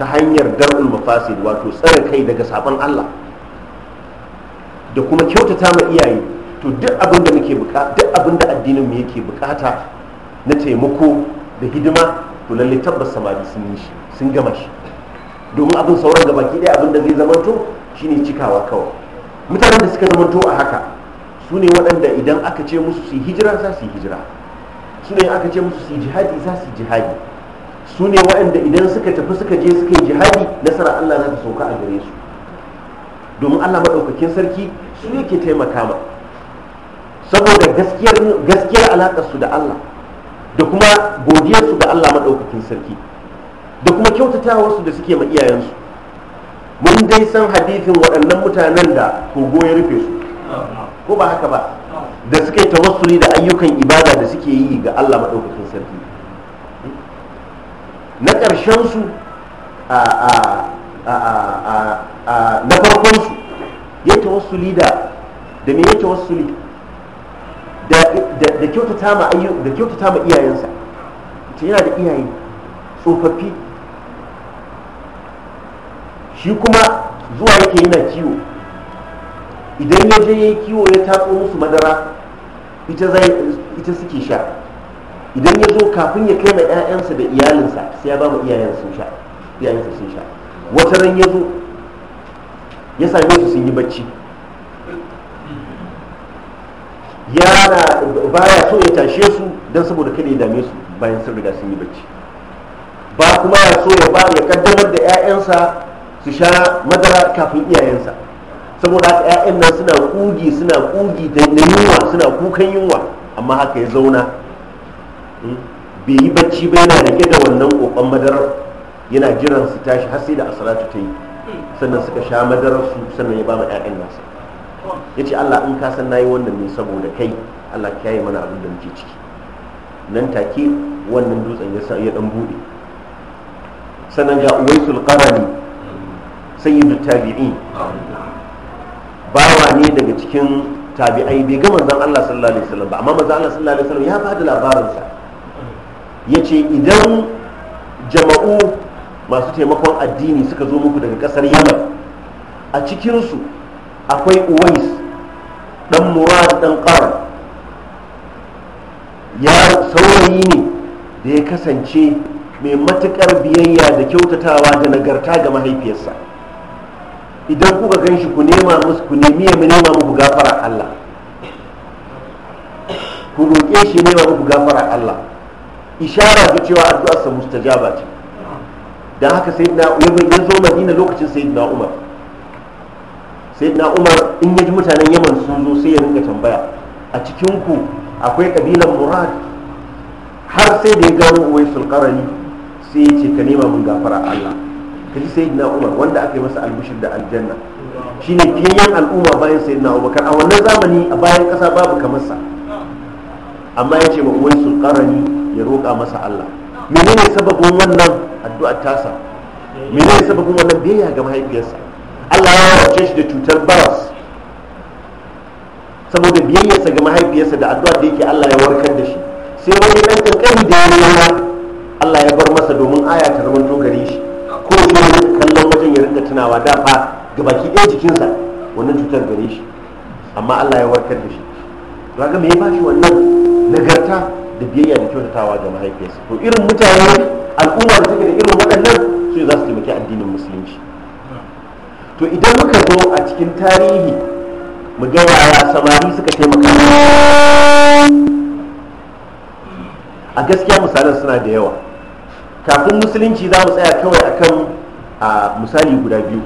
ta hanyar dar'ul mafasid wato tsare kai daga sabon Allah da kuma kyautata ma iyaye to duk abin da muke bukata duk abin addinin mu yake bukata na taimako da hidima to lalle tabbas samari sun yi shi sun gama shi domin abin sauran da baki ɗaya abin da zai zamanto shine cikawa kawai mutanen da suka zamanto a haka su ne waɗanda idan aka ce musu su yi hijira za su yi hijira su ne aka ce musu su jihadi za su jihadi su ne waɗanda idan suka tafi suka je suka yi jihadi nasara Allah za ta sauka a gare su domin Allah maɗaukakin sarki su ne ke taimaka ma saboda gaskiyar alaƙar su da Allah da kuma godiyar su ga Allah maɗaukakin sarki da kuma kyautatawar su da suke ma iyayensu mun dai san hadithin waɗannan mutanen da kogo ya rufe su ko ba haka ba da suke tawassuli da ayyukan ibada da suke yi ga Allah maɗaukakin sarki na ƙarshen su na farkon su ya tawassuli da da me ya tawassuli da kyautata ma da kyautata ma iyayensa ta yana da iyaye tsofaffi shi kuma zuwa yake yana kiwo idan ya je ya yi kiwo ya tatso musu madara ita suke sha idan ya zo kafin ya kai ma 'ya'yansa da iyalinsa sai ya ba mu iyayensa sun sha wata ran ya zo ya same su sun yi bacci yana baya so ya tashe su don saboda kada ya dame su bayan sun riga sun yi bacci ba kuma ya so ya ba ya kaddamar da 'ya'yansa su sha madara kafin iyayensa saboda haka 'ya'yan nan suna kugi suna kugi da yunwa suna kukan yunwa amma haka ya zauna hmm? bai yi bacci ba yana rike da wannan kokon madarar yana jiran su tashi har sai da asalatu ta yi sannan suka sha madarar su sannan ya ba ma 'ya'yan nasa ya ce allah in ka san na yi wannan ne saboda kai allah kiyaye mana abin da muke ciki nan take wannan dutsen ya sa ya dan bude sannan ga uwaisul qarani sayyidu tabi'in bawa ne daga cikin tabi'ai bai ga manzon Allah sallallahu alaihi wasallam ba amma manzon Allah sallallahu alaihi wasallam ya labarin sa yace idan jama'u masu taimakon addini suka zo muku daga kasar Yaman a cikin su akwai Uwais dan Murad dan Qar ya saurayi ne da ya kasance mai matukar biyayya da kyautatawa da nagarta ga mahaifiyarsa idan kuka gan shi ku nema musu ku nemi ya nema muku gafara Allah ku roƙe shi nema muku gafara Allah ishara ga cewa addu'ar sa mustajaba ce dan haka sayyidina Umar, ya zo Madina lokacin sayyidina Umar sayyidina Umar in ya ji mutanen Yaman sun zo sai ya rinka tambaya a cikin ku akwai kabilan Murad har sai da ya gano Uwaisul Qarani sai ya ce ka nema mun gafara Allah kaji na umar wanda aka yi masa albishir da aljanna Shi ne kenyan al'umma bayan na umar a wannan zamani a bayan kasa babu kamar sa amma ya ce ma uwaisul qarani ya roƙa masa Allah menene sababin wannan addu'ar tasa menene sababin wannan biyayya ga mahaifiyarsa Allah ya wace shi da cutar baras saboda biyayyarsa ga mahaifiyarsa da addu'ar da yake Allah ya warkar da shi sai wani ɗan kankani da ya Allah ya bar masa domin aya ta zama gare shi ko ina kallon wajen ya rinka tunawa da fa gabaki ɗaya jikinsa wannan cutar gare shi amma Allah ya warkar da shi raga me ya bashi wannan nagarta da biyayya da kyautatawa ga mahaifiyarsa to irin mutane al'umma da take da irin waɗannan su za su taimaki addinin musulunci to idan muka zo a cikin tarihi mu ga yaya samari suka taimaka a gaskiya misalan suna da yawa kafin musulunci za mu tsaya kawai akan a misali guda biyu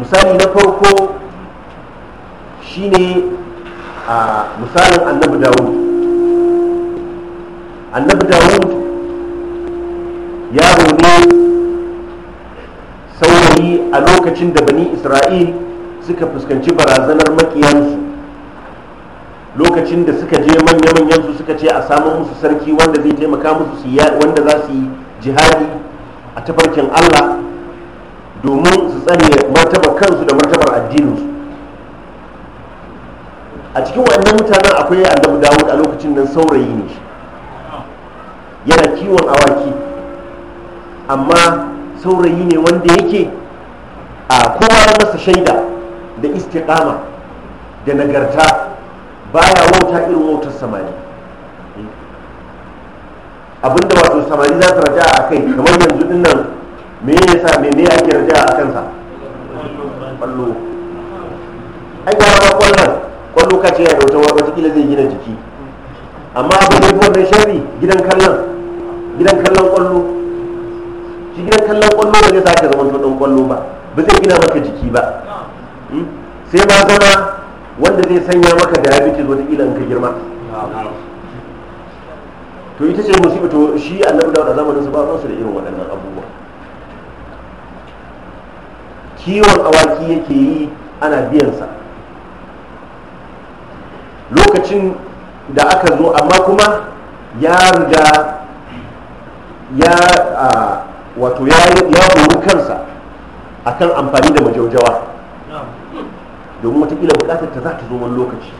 misali na farko shine a misalin annabi dawo annabi dawo yaro ne saurayi a lokacin da bani isra'il suka fuskanci barazanar makiyansu lokacin da suka je manya-manyansu suka ce a samun musu sarki wanda zai taimaka musu wanda za su yi jihadi a tafarkin Allah domin su tsare martabar kansu da martabar addininsu a cikin wannan mutanen akwai annabi dawud a lokacin nan saurayi ne yana kiwon awaki amma saurayi ne wanda yake a kowa masa shaida da istiqama da nagarta baya wauta irin wautar samani abinda wato samari za su raja a kai kamar yanzu din nan me ya sa me ne ake raja a kansa kwallo an yi wata kwallon kwallo ka ce ya da wata watakila zai gina jiki amma abin da ya wannan shari gidan kallon gidan kallon kwallo shi gidan kallon kwallo ba zai sake zama tuɗin kwallo ba ba zai gina maka jiki ba hmm? sai ma zama wanda zai sanya maka diabetes watakila in ka girma to ita ce musu to shi annabi da a zamanin su ba ruwansu da irin waɗannan abubuwa kiwon awaki yake yi ana biyansa lokacin da aka zo amma kuma ya riga ya wato ya hori kansa akan amfani da majaujawa domin watakila bukatar ta za ta zo wani lokaci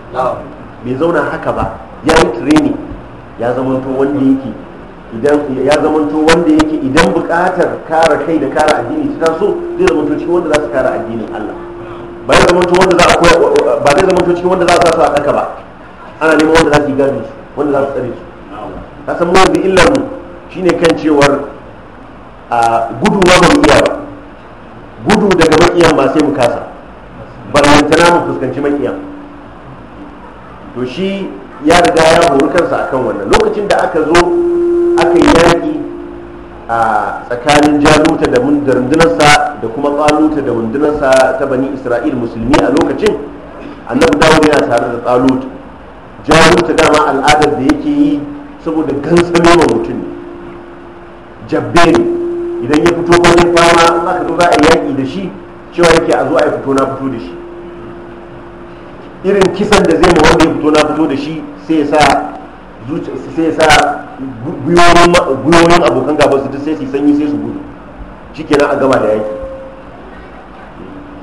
bai zauna haka ba ya yi training ya zamanto wanda yake idan ya zamanto wanda yake idan buƙatar kare kai da kare addini ta taso zai zamanto cikin wanda za su kare addinin Allah ba zai zamanto wanda za a koya ba zai zamanto cikin wanda za a sa a ba ana neman wanda za su yi gadi su wanda za su tsare su ta san mu bi illar mu shine kan cewar a gudu ma ba mu iya ba gudu daga makiyan ba sai mu kasa barantana mu fuskanci makiyan to shi ya riga ya hori kansa a kan wannan lokacin da aka zo aka yi yaƙi a tsakanin jaluta da rundunarsa da kuma ƙaluta da rundunarsa ta bani isra'il musulmi a lokacin annabi dawud yana tare da ƙaluta jaluta dama al'adar da yake yi saboda gantsame wa mutum ne jabbe ne idan ya fito fagen fama aka zo za a yi yaƙi da shi cewa yake a zo a yi fito na fito da shi irin kisan da zai ma wanda ya fito na fito da shi sai sa sai sa gwiwoyin abokan gaba su duk sai su sanyi sai su gudu shikenan a gama da yaki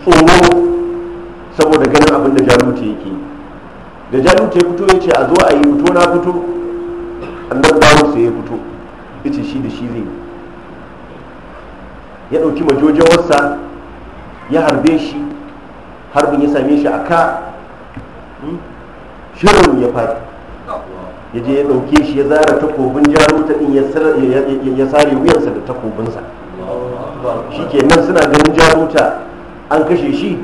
tsoro saboda ganin abin da ya yake da jalute ya fito ya ce a zo a yi fito na fito annan dawo sai ya fito ya ce shi da shi zai ya ɗauki majojewarsa ya harbe shi harbin ya same shi a ka Hmm? shirin ya faɗi ya je ya ɗauke shi ya zara takobin jarumta in ya sare wuyansa da takobinsa shi kenan suna ganin jarumta, an kashe shi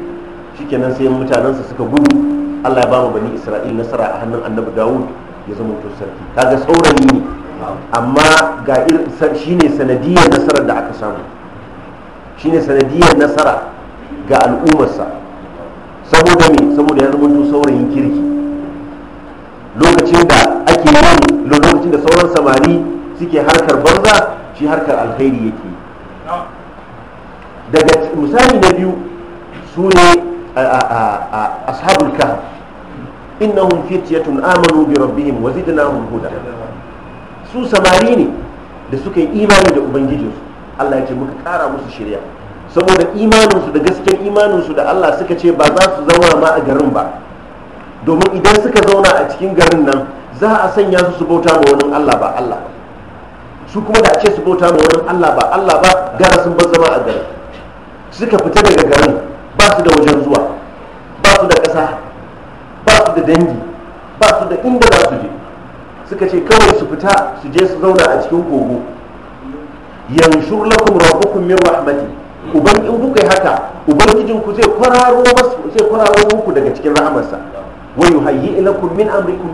shi kenan sai mutanensa suka gudu allah ya ba mu bani isra'il nasara a hannun annabi dawud ya zama to sarki kaga saurayi ne amma ga shi ne sanadiyar nasarar da aka samu shi ne sanadiyar nasara ga al'ummarsa saboda me saboda ya zama saurayin kirki lokacin da ake yi lokacin da sauran samari suke harkar banza shi harkar alkhairi yake daga misali na biyu su ne ashabul kahf innahum fityatun amanu bi rabbihim wa zidnahum huda su samari ne da suka yi imani da ubangijinsu Allah ya ce muka kara musu shirya saboda imaninsu da gasken imaninsu da Allah suka ce ba za su zauna ma a garin ba domin idan suka zauna a cikin garin nan za a sanya su su bauta ma wani Allah ba Allah su kuma da a ce su bauta ma wani Allah ba Allah ba gara sun bar zama a garin suka fita daga garin ba su da wajen zuwa ba su da ƙasa ba su da dangi ba su da inda za su je suka ce kawai su fita su je su zauna a cikin kogo yanshur lakum rabbukum min rahmati uban in kuka yi haka ubangijin ku zai kwararo zai kwararo muku daga cikin rahamarsa wa yuhayyi ilakum min amrikum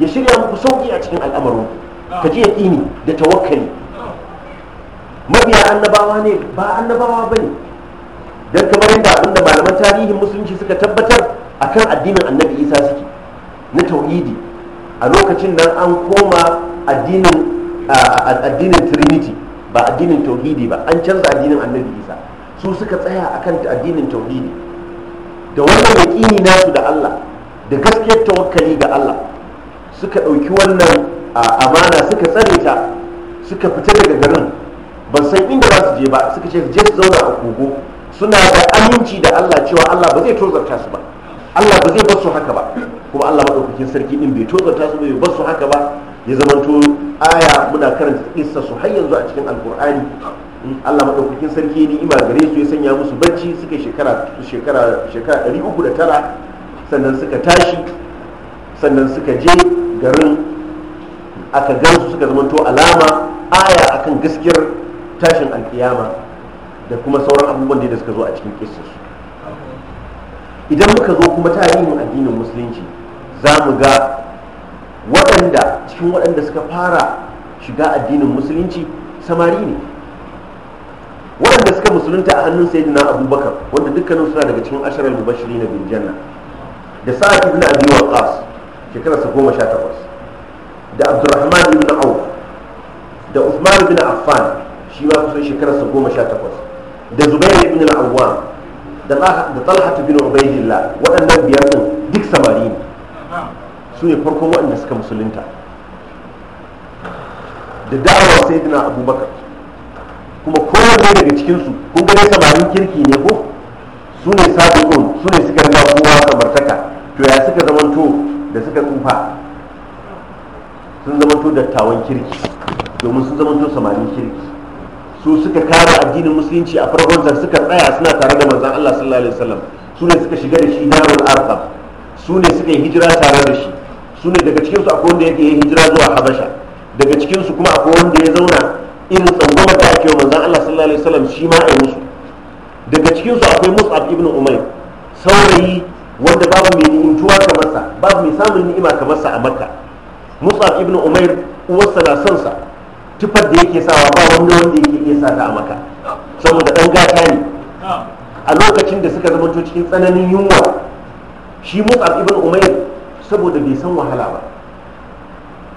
ya shirya muku sauki a cikin al'amarin ka ji yaqini da tawakkali mabiya annabawa ne ba annabawa bane dan kamar yadda abinda malaman tarihin musulunci suka tabbatar akan addinin annabi isa suke na tauhidi a lokacin nan an koma addinin addinin trinity ba addinin tauhidi ba an canza addinin annabi isa su suka tsaya a kan addinin tauhidi da wannan yaƙini nasu da allah da gaskiyar tawakkali ga allah suka ɗauki wannan amana suka tsare ta suka fita daga garin ban san inda za su je ba suka ce je su zauna a kogo suna da aminci da allah cewa allah ba zai tozarta su ba allah ba zai bar su haka ba kuma allah maɗaukakin sarki ɗin bai tozarta su bai bar su haka ba ya zamanto aya muna karanta isa su har yanzu a cikin alkur'ani Allah maɗaukakin sarki ni ima gare su ya sanya musu barci suka shekara shekara shekara 309 sannan suka tashi sannan suka je garin aka gansu suka zamanto alama aya akan gaskiyar tashin alkiyama da kuma sauran abubuwan da suka zo a cikin kissasu idan muka zo kuma tarihin addinin musulunci za mu ga waɗanda cikin waɗanda suka fara shiga addinin musulunci samari ne waɗanda suka musulunta a hannun na abubakar wanda dukkanin suna daga cikin ashirar mubashiri na janna, da sa'ad ibn abi waqas sa goma sha takwas da abdurrahman ibn auf da usman ibn affan shi ma kusan sa goma sha takwas da zubair ibn al da talhat ibn ubaidillah waɗannan biyar ɗin duk samari ne su ne farkon waɗanda suka musulunta da da'awar dina abubakar kuma kowane daga cikinsu kun gane samarin kirki ne ko su ne sabiqun su ne suka riga kowa samartaka to ya suka zamanto da suka tsufa sun zamanto dattawan kirki domin sun zamanto samarin kirki su suka kare addinin musulunci a farkon suka tsaya suna tare da manzan Allah sallallahu alaihi wasallam su ne suka shiga da shi darul arqam su ne suka yi hijira tare da shi su ne daga cikinsu akwai wanda yake hijira zuwa habasha daga cikinsu kuma akwai wanda ya zauna irin tsangwamar da ake wa manzan allah sallallahu alaihi wasallam shi ma a musu daga cikinsu akwai mus'ab ibn umair saurayi wanda babu mai ni'imtuwa kamar sa babu mai samun ni'ima kamar sa a makka mus'ab ibn umair uwarsa na son sa tufar da yake sawa ba wanda wanda yake iya sa ta a makka saboda dan gata ne a lokacin da suka zama cikin tsananin yunwa shi mus'ab ibn umair saboda bai san wahala ba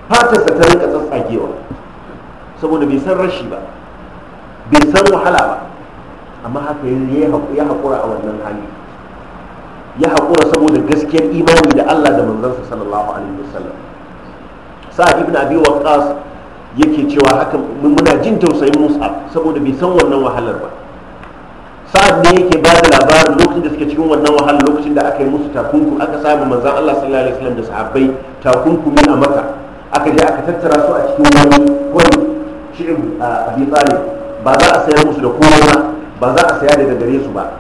fatarsa ta rika tsatsagewa saboda bai san rashi ba bai san wahala ba amma haka ya haƙura a wannan hali ya haƙura saboda gaskiyar imani da Allah da manzansa sallallahu alaihi wasallam sa'ad ibn abi waqqas yake cewa haka muna jin tausayin mus'ab saboda bai san wannan wahalar ba sa'ad ne yake ba da labarin lokacin da suke cikin wannan wahala lokacin da aka yi musu takunku aka samu manzan Allah sallallahu alaihi wasallam da sahabbai takunkumi a maka aka je aka tattara su a cikin wani wani a abin tsari ba za a sayar musu da kowa ba ba za a saya daga gare su ba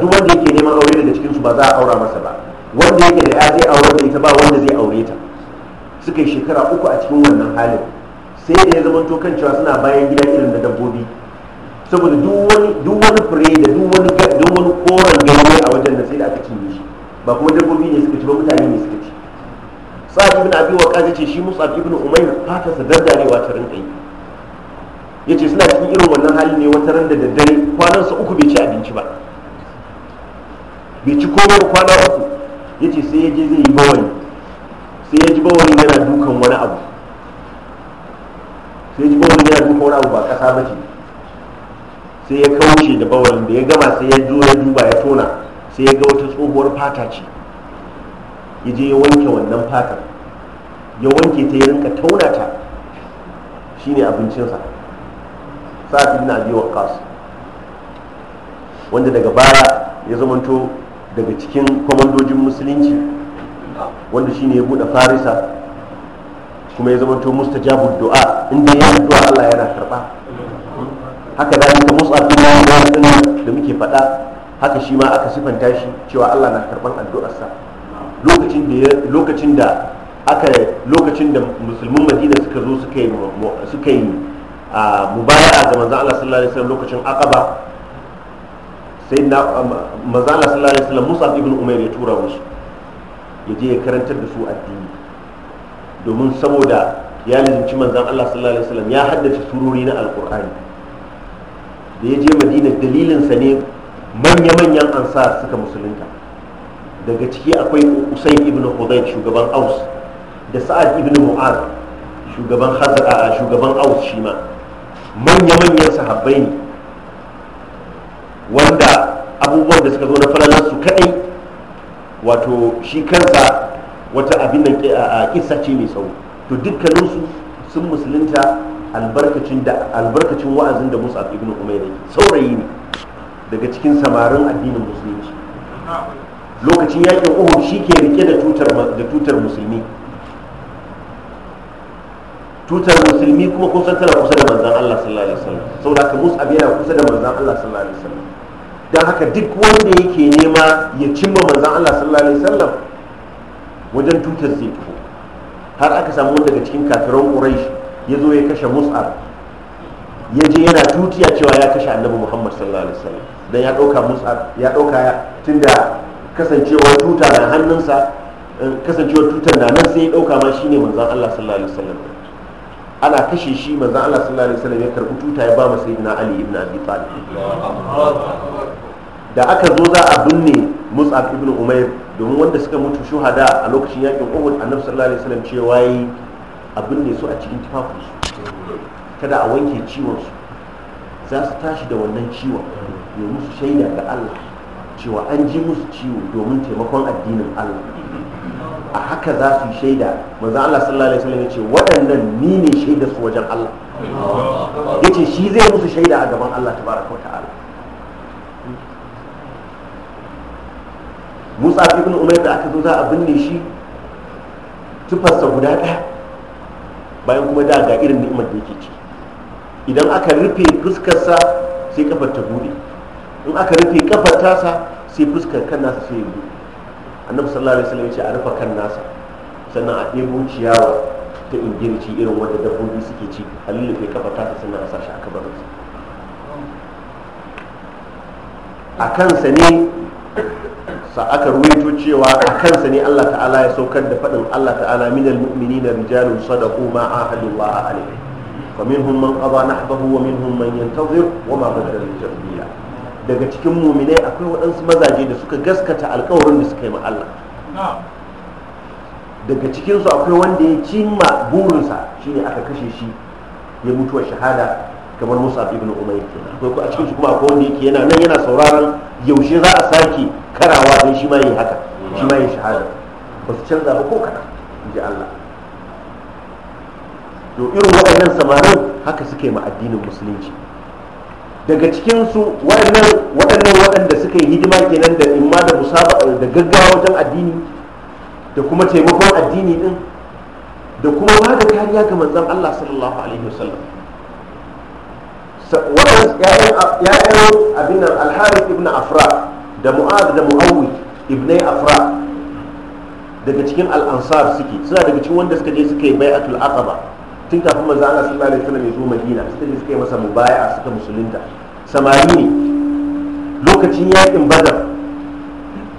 duk wanda yake neman aure daga cikin su ba za a aura masa ba wanda yake da ya zai aure da ita ba wanda zai aure ta suka yi shekara uku a cikin wannan halin sai da ya zama to kan cewa suna bayan gida irin da dabbobi saboda duk wani fure da duk wani koren ganye a wajen da sai da aka cinye shi ba kuma dabbobi ne suka ci ba mutane ne suka ci sa'ad ibn abi waqas ce shi mus'ab ibn umayr fata sa daddarewa ta rinka yi yace suna cikin irin wannan hali ne wata ran da daddare kwanan su uku bai ci abinci ba bai ci komai kwana uku yace sai ya je zai yi bawani sai ya ji bawani yana dukan wani abu sai ya ji bawani yana dukan wani abu ba kasa ba ce sai ya kauce da bawarin da ya gama sai ya zo ya duba ya tona sai ya ga wata tsohuwar fata ce ya je ya wanke wannan fatar ya wanke ta ya rinka tauna ta shine abincinsa sa'ad ibn abi waqqas wanda daga baya ya zamanto daga cikin kwamandojin musulunci wanda shine ya bude farisa kuma ya zamanto Jabu du'a inda ya zuwa Allah yana karba haka zalika mus'ab bin umar din da muke faɗa haka shi ma aka sifanta shi cewa Allah na karban addu'arsa lokacin da lokacin da aka lokacin da musulmin Madina suka zo suka yi suka yi mubaya'a ga manzon Allah sallallahu alaihi wasallam lokacin Aqaba sai na Allah sallallahu alaihi wasallam Mus'ab ibn ya tura musu ya je ya karantar da su addini domin saboda ya lizinci manzon Allah sallallahu alaihi wasallam ya haddace surori na alqur'ani da ya je madina dalilinsa ne manya-manyan ansar suka musulunta daga ciki akwai usain ibn hudayr shugaban aus da sa'ad ibn mu'az shugaban hazara shugaban aus shi ma manya-manyan sahabbai ne wanda abubuwan da suka zo na falalar su kadai wato shi kansa wata abin da kisa ce mai tsawo to dukkaninsu sun musulunta albarkacin da albarkacin wa'azin da Musa ibn Umayr yake saurayi ne daga cikin samarin addinin musulunci lokacin yakin Uhud shike rike da tutar da tutar musulmi tutar musulmi kuma kusan tana kusa da manzon Allah sallallahu alaihi wasallam saboda ka Mus'ab yana kusa da manzon Allah sallallahu alaihi wasallam dan haka duk wanda yake nema ya cimma manzon Allah sallallahu alaihi wasallam wajen tutar zai tafi har aka samu daga cikin kafiran Quraysh ya zo ya kashe musa ya je yana tutiya cewa ya kashe annabi muhammad sallallahu alaihi wasallam dan ya dauka mus'ab ya dauka tunda kasancewar tuta na hannunsa eh, kasancewar tutar na nan sai ya dauka ma shine manzon Allah sallallahu alaihi wasallam ana kashe shi manzon Allah sallallahu alaihi wasallam ya karbi tuta ya ba ma sayyidina ali ibn abi talib da aka zo za a binne mus'ab ibn umayr domin wanda suka mutu shuhada a lokacin yakin uhud annabi sallallahu alaihi wasallam cewa yi abin ne su a cikin tufafinsu kada a wanke ciwonsu za su tashi da wannan ciwon ne musu shaida ga Allah cewa an ji musu ciwo domin taimakon addinin Allah a haka za su yi shaida manzan Allah sallallahu alaihi wasallam ya ce waɗannan ni ne shaida su wajen Allah ya ce shi zai musu shaida a gaban Allah tabaraka wa ta'ala Musa ibn Umar da aka zo za a binne shi tufarsa guda ɗaya bayan kuma da ga irin ni'imar da yake ci idan aka rufe fuskarsa sai kafar ta bude in aka rufe kafar tasa sai fuskar kan nasa sai ya bude annabi sallallahu alaihi wasallam ya a rufe kan nasa sannan a ɗebo ciyawa ta ingirci irin wanda dabbobi suke ci a lullufe kafar tasa sannan a sa shi a kabarinsa a kansa ne sa aka ruwaito cewa a kansa ne Allah ta'ala ya saukar da faɗin Allah ta'ala minal mu'minina rijalun sadaqu ma ahadu wa ahli fa minhum man qada nahbahu wa minhum man yantazir wa ma badala tabdila daga cikin mu'minai akwai waɗansu mazaje da suka gaskata alƙawarin da suka yi ma Allah daga cikinsu akwai wanda ya cimma burinsa shine aka kashe shi ya mutuwa shahada kamar Musa ibn Umayr kenan akwai a cikin su kuma akwai wanda yake yana nan yana sauraron yaushe za a sake karawa don shi ma yi haka shi ma yi shahada ba su canza ba ko kaɗan in ji Allah to irin waɗannan samarin haka suke ma addinin musulunci daga cikinsu waɗannan waɗanda suka yi hidima kenan da imma da musaba da gaggawa wajen addini da kuma taimakon addini din da kuma ba da kariya ga manzon Allah sallallahu alaihi wasallam ya'yan abin ibn afra da da mu'awwi ibn afra daga cikin al'ansar suke suna daga cikin wanda suka je suka yi bai'atul aqaba tun kafin manzo Allah sallallahu alaihi wasallam ya zo Madina suka je suka yi masa mubaya'a suka musulunta samari ne lokacin yaƙin badar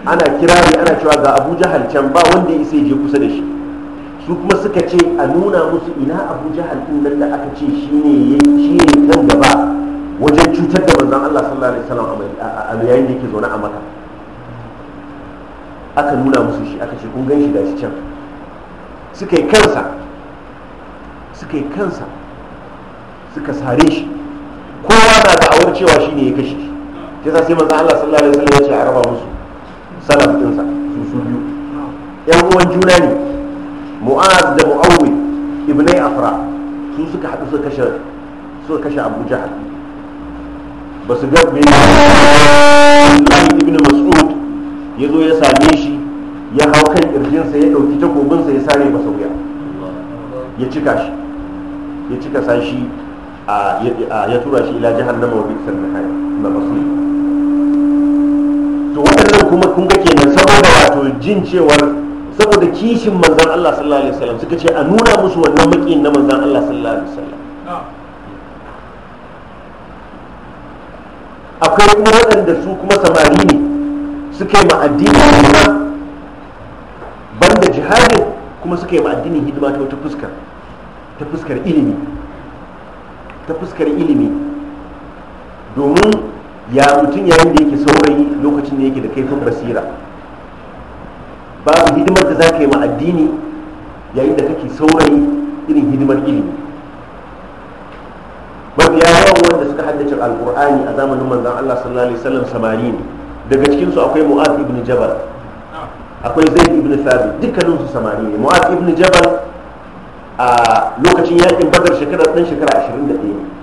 ana kirari ana cewa ga Abu Jahal can ba wanda ya isa je kusa da shi su kuma suka ce a nuna musu ina abu jahal din nan da aka ce shi ne nan gaba wajen cutar da manzon Allah sallallahu alaihi wasallam a yayin da yake zaune a maka aka nuna musu shi aka ce kun gan shi gashi can suka yi kansa suka yi kansa suka sare shi kowa na da awar cewa ne ya kashe shi ta sai manzon Allah sallallahu alaihi wasallam ya ce a raba musu salam dinsa su su biyu yan uwan juna ne mu'az da mu'awwi ibnai afra su suka haɗu suka kashe su kashe abu jahal ba su ga me ibn mas'ud ya zo ya same shi ya hau kan ƙirjinsa ya ɗauki takobinsa ya sare ba sauya, ya cika shi ya cika sashi ya tura shi ila jahannama wa bisan na mas'ud. to wannan kuma kun ga kenan saboda wato jin cewar saboda kishin manzan Allah sallallahu alaihi wasallam suka ce a nuna musu wannan makiyin na manzan Allah sallallahu alaihi wasallam akwai kuma waɗanda su kuma samari ne suka yi ma addinin hidima banda jihadi kuma suka yi ma addinin hidima ta wata fuskar ta fuskar ilimi ta fuskar ilimi domin ya mutum yayin da yake saurayi lokacin da yake da kaifin basira babu hidimar da za ka yi ma addini yayin da kake saurayi irin hidimar ilimi mafiya yawan wanda suka haddace alkur'ani a zamanin manzan allah sallallahu alaihi wasallam samari ne daga cikinsu akwai Mu'ad ibn jabal akwai zaid ibn thabit dukkaninsu samari ne Mu'ad ibn jabal a lokacin yakin badar shekarar dan shekara 21